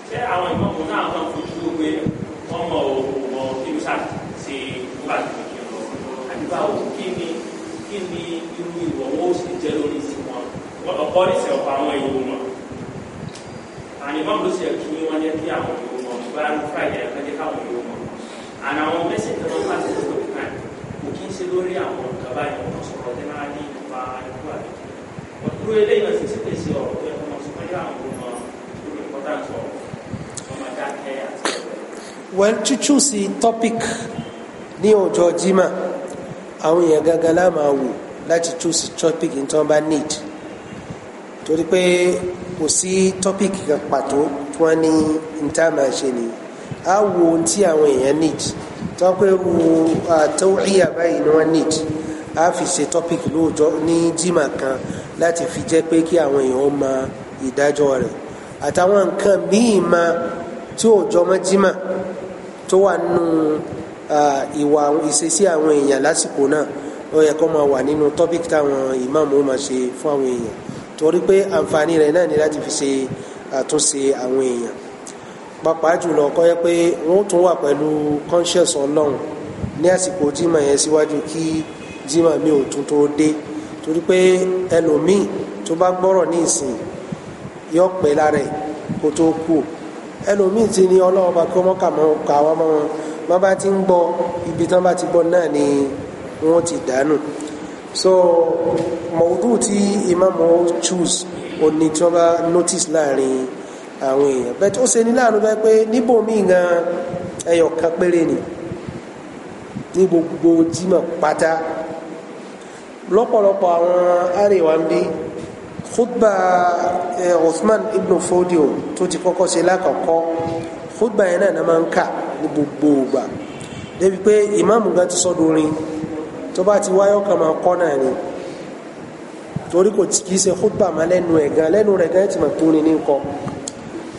ṣé àwọn ìmọ̀mù náà kan fojú gbogbo ọmọ òwò kí ló ṣàṣe ìwádìí kí ni irú ìwọ̀ wọn ó sì jẹ́ lórí sí wọn ọ̀pọ̀ oníṣẹ́ ọ̀pọ̀ àwọn ìwò wọn àníbọ̀ ló ṣe kí wọ́n jẹ́ kí àwọn ìwò wọn gbára ní friday ẹ̀ka jẹ́ káwọn ìwò wọn àná àwọn mẹ́sìn tó wọ́n pàṣẹ tó tóbi náà kò kí n ṣe lórí àwọn ìjọba ìwọ̀n sọ̀rọ̀ tẹ́ máa ní ipa ikú àbíkí wọ́n dúró eléyìí náà sì sí ọ̀rọ̀ tó yẹ well, chuchu si topic ní ọjọ́ jimá àwọn èèyàn gangan la máa wò láti choose topic tí wọ́n bá need torí pé kò sí topic kan pàtó tí wọ́n ní níta máa ṣe ni á wo ohun tí àwọn èèyàn need tí wọ́n pé wo àtọ́wíyà báyìí ni wọ́n need á fi ṣe topic lóòjọ́ ní jimá kan láti fi jẹ́ pé kí àwọn èèyàn mọ ìdájọ́ rẹ̀ àtàwọn nǹkan míì máa tí ò jọmọ́ jimá tó wà nínú ìwà ìṣesí àwọn èèyàn lásìkò náà ó yẹ kó máa wà nínú topic táwọn ìmáàmù ó máa ṣe fún àwọn èèyàn torí pé àǹfààní rẹ̀ náà ni láti fi ṣe àtúnṣe àwọn èèyàn pàápàá jùlọ kó yẹ pé wọ́n tún wà pẹ̀lú conscience ọlọ́run ní àsìkò jimá yẹn síwájú kí jimá mi ò tún tó dé torí pé ẹlòmíì tó bá gbọ́rọ̀ ní ìsìn yọ pẹ́ lára ẹ̀ kó tó kú ẹlòmíì ti ní ọlọ́run bá kí wọ́n kà wọ́n mọ́ wọn wọ́n bá ti ń gbọ́ ibi tán bá ti gbọ́ náà ni wọ́n ti dànù so mọ̀wúdù tí ìmáàmù choose òní tí wọ́n bá notice láàrin àwọn èèyàn bẹ́ẹ̀ tó ṣe ní láàánú bẹ́ẹ̀ pé níbo míì gan ẹyọ kan péré ni ní gbogbo jímọ̀ pátá lọ́pọ̀lọpọ̀ àwọn àríwá ń bí khutba eh, Uthman ibn Fodio tó ti kọ́kọ́ ṣe lákọ̀ọ́kọ́ khutba yẹn náà máa ń kà ní gbogbo ògbà débi pé ìmáàmù gan ti sọdún rin tó bá ti wáyọ kan máa kọ́ náà ni torí kò kì í ṣe khutba máa lẹ́nu ẹ̀ gan lẹ́nu rẹ̀ gan ti máa tó ni ní nǹkan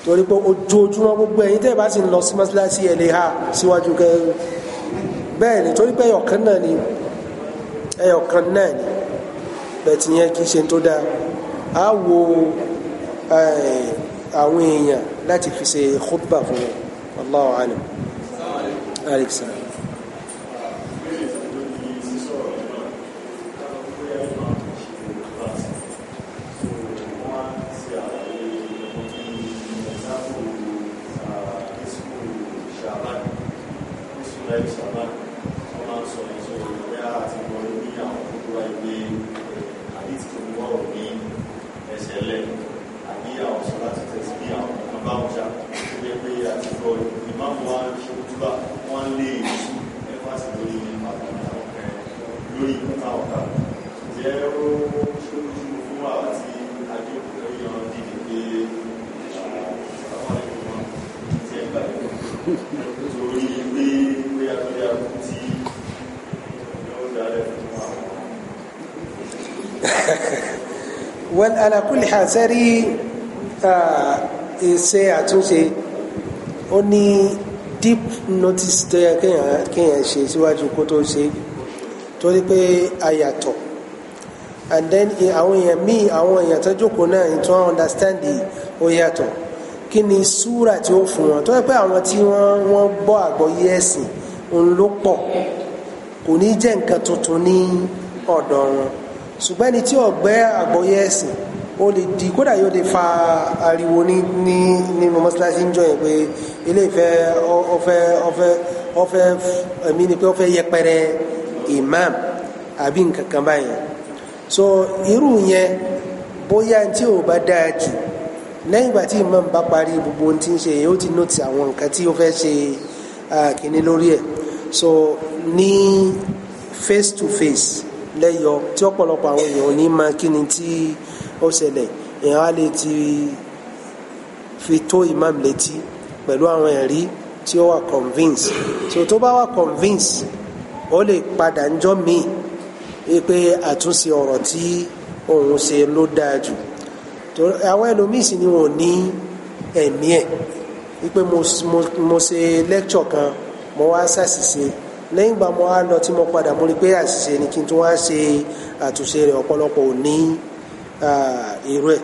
torí pé ojoojúmọ́ gbogbo ẹ̀yin tẹ́ ẹ bá sì ń lọ sí mọ́sálásí ẹ̀ lè ha síwájú kẹ́ bẹ́ẹ̀ ni torí pé ẹyọ̀kan náà ni ẹyọ̀kan náà ni bẹ̀tì yẹn kì í ṣe tó dáa á wo àwọn èèyàn láti fi ṣe khutba fún wọn Allahu alam. Aleykümselam. ala kulli hal sẹ́rí ṣe àtúnṣe ó ní deep notice tó yẹ kéèyàn ṣe síwájú kó tó ṣe torí pé a yàtọ̀ and then àwọn èèyàn míì àwọn èèyàn tó jókòó náà tó ń understand ó yàtọ̀ kí ni súrà tí ó fún wọn tó yẹ pé àwọn tí wọ́n gbọ́ àgbọ́yé ẹ̀sìn òun ló pọ̀ kò ní jẹ́ nǹkan tuntun ní ọ̀dọ̀ wọn ṣùgbọ́n ẹni tí ọ̀gbẹ́ àgbọ́yé ẹ̀sìn ó lè di kódà yóò lè fa ariwo ní ní nínú mọ́ṣáláṣí ń jọ yẹn pé ilé ìfẹ́ ọfẹ́ ọfẹ́ ọfẹ́ ẹ̀mí ni pé ọfẹ́ yẹpẹrẹ imam àbí nǹkan kan báyẹn so irú yẹn bóyá tí ò bá dáa jù lẹ́yìn ìgbà tí imam bá parí gbogbo ohun tí ń ṣe yóò ti nọ́ọ̀tì àwọn nǹkan tí ó fẹ́ ṣe kínní lórí ẹ̀ so ní face to face lẹ́yọ tí ọ̀pọ̀lọpọ̀ àwọn èèyàn ò ní máa kí ni tí ó ṣẹlẹ̀ èèyàn á lè ti fi tó imam létí pẹ̀lú àwọn ẹ̀rí tí ó wà convince so tó bá wà convince ó lè padà ńjọ́ míì pé àtúnṣe ọ̀rọ̀ tí òun ṣe ló dáa jù àwọn ẹlòmíì sì ni wọn ò ní ẹ̀mí ẹ̀ wípé mo ṣe lecture kan mo wá ṣàṣìṣe lẹ́yìn ìgbà mo wá lọ tí mo padà mo rí pé àṣìṣe ni kí n tún wá ṣe àtúnṣe rẹ̀ ọ̀pọ̀lọpọ̀ ò ní èrò ẹ̀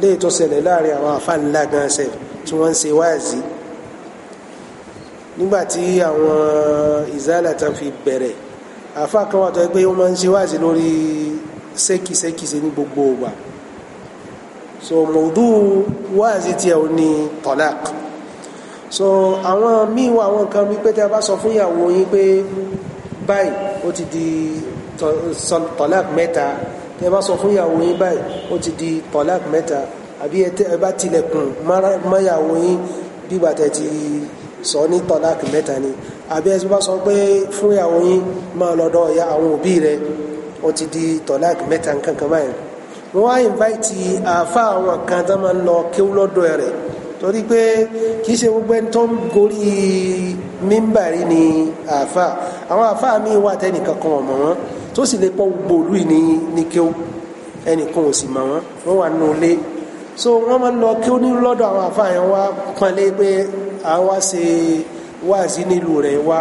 léyìí tó ṣẹlẹ̀ láàrin àwọn àfa ńlá gan ṣe tí wọ́n ń ṣe wáàzí nígbà tí àwọn ìzálà tán fi bẹ̀rẹ̀ àfa kan wà tó yẹ pé wọ́n máa ń ṣe wáàzí lórí ṣékìṣékìṣe ní gbogbo ìgbà so mọ̀dú wáàzí tiẹ̀ ò ní tọ́lák so àwọn míì àwọn nǹkan wípé tí a bá sọ fún yín pé báyìí ó ti di tọ́lák mẹ́ta ẹ bá sọ fún ìyàwó yín báyìí ó ti di tọ́lák mẹ́ta àbí ẹ bá tilẹ̀kùn mọ́yàwó yín bígbà tẹ̀ ti sọ ní tọ́lák mẹ́ta ni àbí ẹ bá sọ pé fún ìyàwó yín máa lọ́dọ̀ ya àwọn òbí rẹ ó ti di tọ́lák mẹ́ta kankan báyìí wọ́n á invite àáfà àwọn kan tó máa ń lọ kéwú lọ́dọ̀ rẹ̀ torí pé kìí ṣe gbogbo ẹni tó ń gorí mímbàrí ni àáfà àwọn àáfà mi wà tẹ́nìkan kan ọ̀mọ̀ wọn tó sì lè pọ̀ gbogbo olú ní ní kéw ẹnìkan ò sì mọ̀ wọ́n wọ́n wà nù lé so wọ́n máa ń lọ kéw ní lọ́dọ̀ àwọn àfààyàn wa pọ́nlé pé àwa ṣe wáàzí nílùú rẹ̀ wá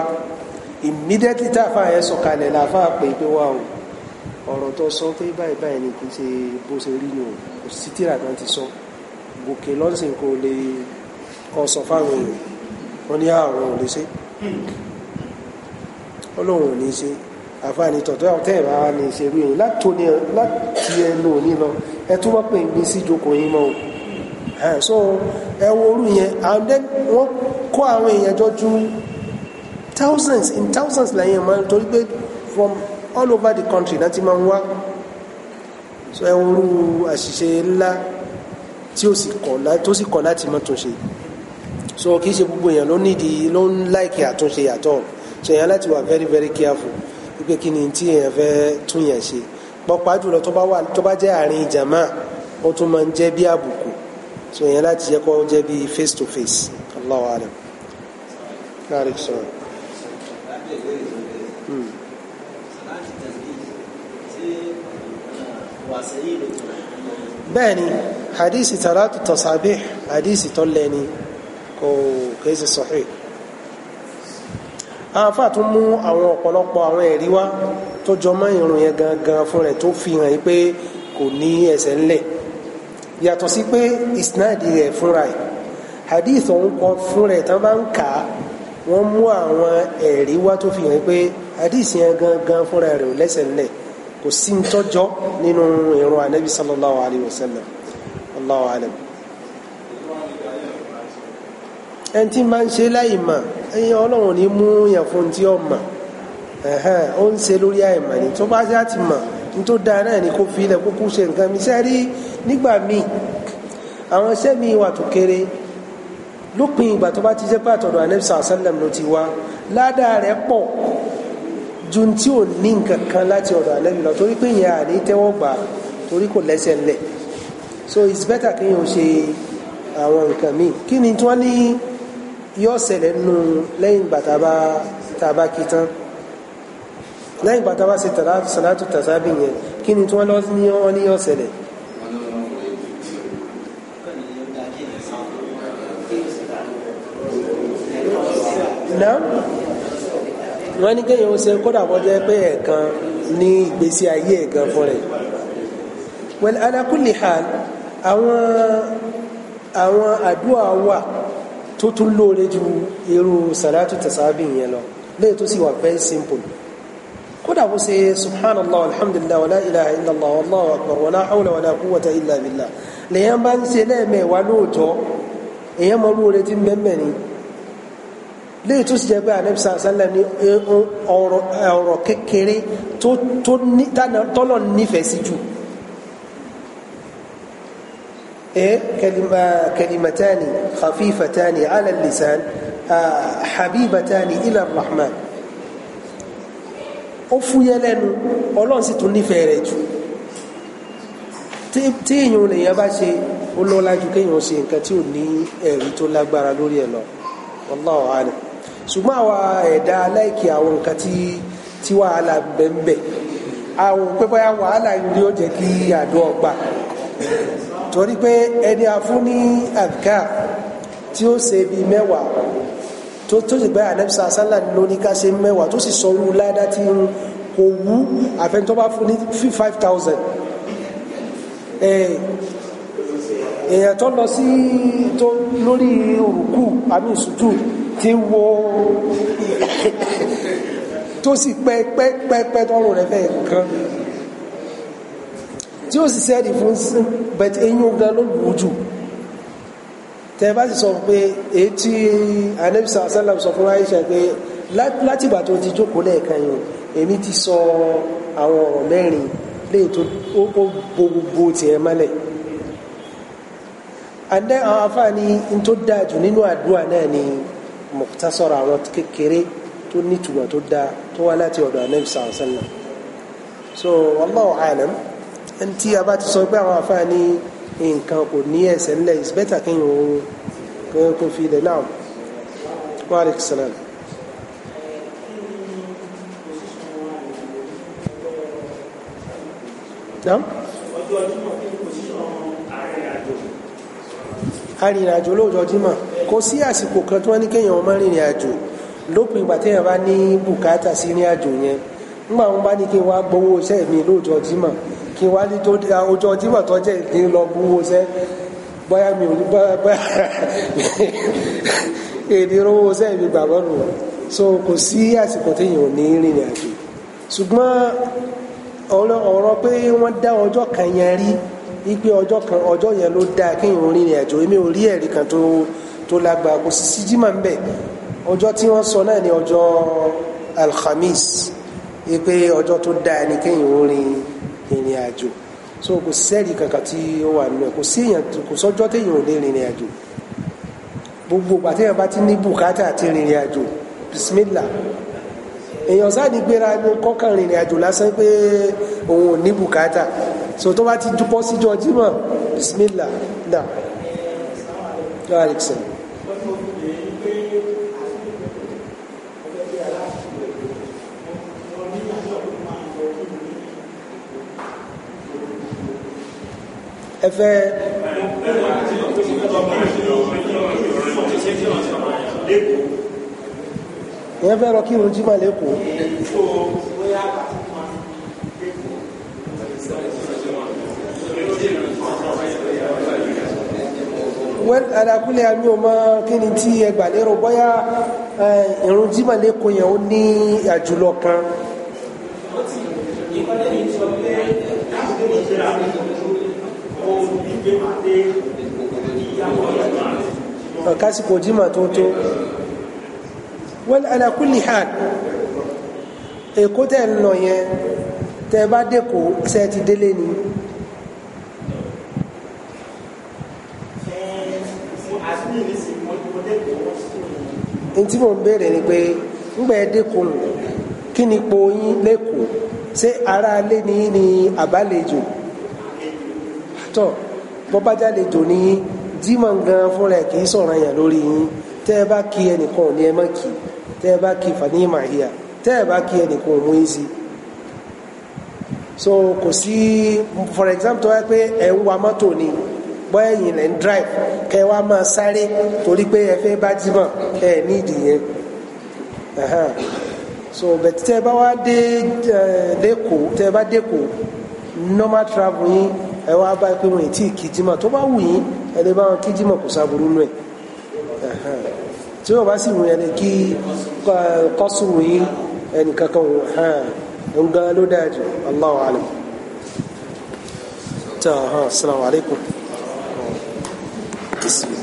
immediately tá àfààyàn sọ̀kalẹ̀ làfàà pé pé wà o ọ̀rọ̀ tó sọ pé báyìí báyìí ni kì í ṣe bó ṣe rí ni o kò sí tíra kan ti sọ gòkè lọ́sìn kò lè kọ́ sọ fáwọn èèyàn wọ́n ní àwọn ò lè ṣe ọlọ́run ò ní ṣe àfààní tọ̀tọ̀ ọ̀tẹ́ ìwà wa ní ìṣerú yìí látòní láti ẹnu òní lọ ẹ tún wọ́n pè mí sí ìjókòó yín mọ́ o so ẹ wo orú yẹn then wọ́n kó àwọn èèyàn jọ ju thousands in thousands lẹ́yìn máa torí pé from all over the country láti máa ń wá so ẹ orú àṣìṣe ńlá tí ó sì kọ̀ tó sì kọ̀ láti máa tún ṣe so kì í ṣe gbogbo èèyàn ló nídìí ló ń láìkì àtúnṣe àtọ̀ so èèyàn láti wà very very careful wípé kí ni tí èèyàn fẹ́ tún yàn ṣe pọpá jùlọ tó bá wà tó bá jẹ́ àárín jàmá ó tún máa ń jẹ́ bí àbùkù so èèyàn láti jẹ́ kó jẹ́ bí face to face Allahu alam. Kárí sọ̀rọ̀. Hmm. bẹ́ẹ̀ni hadisi salatu tasabih hadisi tó lẹ́ni kò kìí ṣe àáfà tún mú àwọn ọ̀pọ̀lọpọ̀ àwọn ẹ̀rí wá tó jọ mọ́ irun yẹn gangan fún rẹ̀ tó fi hàn yín pé kò ní ẹsẹ̀ ńlẹ̀ yàtọ̀ sí pé ìsìnàdì rẹ̀ fúnra ẹ̀ hadith ọ̀hún kọ fúnra ẹ̀ tán bá ń kà á wọ́n mú àwọn ẹ̀rí wá tó fi hàn yín pé hadith yẹn gangan fúnra rẹ̀ ò lẹ́sẹ̀ ńlẹ̀ kò sí ń tọ́jọ́ nínú irun anabi sallallahu alayhi wa sallam allahu alayhi. ẹni tí máa ń ṣe láì mà ẹyin ọlọ́run ní mú yàn fún tí ọ mà ó ń ṣe lórí àìmà ni tó bá ṣe àti mà ní tó dáa náà ni kó fi ilẹ̀ kúkú ṣe nǹkan mi ṣe rí nígbà míì àwọn iṣẹ́ mi wà tó kéré lópin ìgbà tó bá ti jẹ́ pé àtọ̀dọ̀ anẹ́bísà sálẹ̀m ló ti wá ládàá rẹ̀ pọ̀ ju tí ò ní nǹkan kan láti ọ̀dọ̀ anẹ́bí lọ torí pé ìyẹn àní tẹ́wọ́ gbà torí kò lẹ́sẹ̀ ńlẹ̀ so it's better kéèyàn ṣe àwọn nǹkan míì kí ni tí wọ́n ní yóò ṣẹlẹ̀ nù lẹ́yìn ìgbà tàbá kí tán lẹ́yìn ìgbà tàbá ṣe sàlátù tàṣàbí yẹn kí ni tí wọ́n lọ ní wọ́n ní yóò ṣẹlẹ̀ na wọ́n ní kéèyàn ṣe kódà wọ́n jẹ́ pé ẹ̀ẹ̀kan ní ìgbésí ayé ẹ̀ẹ̀kan fún rẹ̀ well ala kulli hal àwọn àwọn àdúrà wà tó tún lóore ju irú sàlátù tàṣàbí yẹn lọ lẹ́yìn tó sì wà very simple kódà bó ṣe subhanallah alhamdulillah wàlá ilaha illallah wallahu akbar wàlá hawla wàlá quwwata illa billah lèyàn bá ń ṣe lẹ́ẹ̀mẹ́wàá lóòótọ́ èyàn mọ lóore tí ń bẹ́ẹ̀ ni léyìí tó sì jẹ́ pé ànábì sàlẹ̀ ní ọ̀rọ̀ kékeré tó tọ́lọ̀ nífẹ̀ẹ́ sí jù. إيه كلمة كلمتان خفيفتان على اللسان حبيبتان إلى الرحمن ó fúyẹ́ lẹ́nu ọlọ́run sì tún nífẹ̀ẹ́ rẹ̀ jù tí èèyàn lèèyàn bá ṣe ó lọ́lá ju kéèyàn ṣe nǹkan tí ò ní ẹ̀rí tó lágbára lórí ẹ̀ lọ wallahu alim ṣùgbọ́n àwa ẹ̀dá aláìkí àwọn nǹkan tí wàhálà bẹ́ẹ̀ bẹ́ẹ̀ àwọn pẹ́pẹ́ wàhálà ni ó jẹ́ kí àdó ọgbà torí pé ẹni afún ní àdìkà tí ó ṣe bíi mẹ́wàá tó tó sì gbé ànẹ́bísà sálà lóní ká ṣe mẹ́wàá tó sì sọrú ládá tí ń kò wú àfẹ́ntọ́ bá fún ní five thousand èèyàn tó lọ sí tó lórí òrùkù àmì ìsùtù tí wo tó sì pẹ́ pẹ́ pẹ́ pẹ́ tọrùn rẹ̀ fẹ́ kan tí ó sì sẹ́ẹ̀dì fún sí bẹ̀tì eyín ogun ló wù ú jù tẹ bá sì sọ pé èyí tí anabisa asalam sọ fún Aisha pé látìgbà tó ti jókòó lẹ́ẹ̀kan yìí èmi ti sọ àwọn ọ̀rọ̀ mẹ́rin léyìí tó ó bo gbogbo tiẹ̀ mọ́lẹ̀ àdé àwọn afáàní tó dáa jù nínú àdúrà náà ni mọ̀tásọ̀rọ̀ àwọn kékeré tó nítumọ̀ tó dáa tó wá láti ọ̀dọ̀ anabisa asalam so wallahu alam ẹni tí a bá ti sọ pé àwọn àfáà ní nǹkan kò ní ẹsẹ̀ ńlẹ̀ it's better kí n ò kó fi ilẹ̀ náà wa alaikum salaam. Naam? arìnrìn àjò lóòjọ́ jímọ̀ kò sí àsìkò kan tí wọ́n ní kéèyàn ọmọ rìnrìn àjò lópin ìgbà téèyàn bá ní bùkátà sí rìn àjò yẹn nígbà wọn bá ní kí wọn gbowó iṣẹ́ mi lóòjọ́ jímọ̀ kí wá ní tó àwùjọ jímọ̀ tó jẹ́ kí n lọ bú wo sẹ́ bóyá mi ò ní bóyá èdè rówó sẹ́ mi gbàgbọ́ nù so kò sí àsìkò téèyàn ò ní rìnrìn àjò ṣùgbọ́n ọ̀rọ̀ pé wọ́n dá ọjọ́ kan yẹn rí wípé ọjọ́ kan ọjọ́ yẹn ló dáa kéèyàn rìnrìn àjò èmi ò rí ẹ̀rí kan tó tó lágbára kò sì sí jímọ̀ ńbẹ̀ ọjọ́ tí wọ́n sọ náà ni ọjọ́ alhamis wípé ọjọ́ tó dáa ni kéèyàn rìn ìrìn àjò so kò sẹ́ẹ̀rì kankan tí ó wà nínú ẹ̀ kò sí èèyàn kò sọ́jọ́ téèyàn ò lè rìnrìn àjò gbogbo ìgbà téèyàn bá ti ní bùkátà àti rìnrìn àjò bisimilà èèyàn sáà ní gbéra ní kọ́kàn rìnrìn àjò lásán pé òun ò ní bùkátà so tó bá ti dúpọ́ síjọ jímọ̀ bisimilà náà. ẹ fẹ́. ìyẹn fẹ́ lọ kírun jímọ̀ lẹ́kọ̀ọ́. wẹ́n alákùnlé àmì ọmọ kí ni tí ẹgbà lérò bọ́yá ìrun jímọ̀ lẹ́kọ̀ọ́ yẹn ó ní àjùlọ kan. Thank you kásìkò jímà tó tó wọ́n ala kulli hal èkó tẹ́ ń lọ yẹn tẹ́ bá dẹ́kò ṣe ti délé ni n mo ń ni pé ńgbà ẹ dẹ́kò nù po yín lẹ́kọ̀ọ́ ṣé ara lé ní ní àbálejò tọ́. So, bọ́bá jáde jò ní dímọ̀ gan fúnra ẹ̀ kì í sọ̀rọ̀ yẹn lórí yín tẹ́ ẹ bá kí ẹnìkan ò ní ẹ má kí tẹ́ ẹ bá kí fani màhíà tẹ́ ẹ bá kí ẹnìkan ò mú yín sí. so kò sí for example tó wáyé pé ẹ ń wa mọ́tò ni bọ́ ẹ̀yìn lẹ́ ń drive kẹ́ ẹ wá máa sáré torí pé ẹ fẹ́ bá dímọ̀ ẹ ní ìdí yẹn so bẹ̀tẹ̀ tẹ́ ẹ bá wá dé dẹ́kọ̀ọ́ tẹ́ ẹ bá dẹ́kọ̀ọ́ normal travel yín ẹ wá bá pé wọn ètí kìjìmọ̀ tó bá wù yín ẹ lè bá wọn kìjìmọ̀ kò sáburú nù ẹ̀ tí wọ́n bá sì wù yín ẹ lè kí kọ́sùwù yín ẹnìkan kan wù ń gan ló dáa jù Allahu alam. Assalamu alaikum. Bismillah.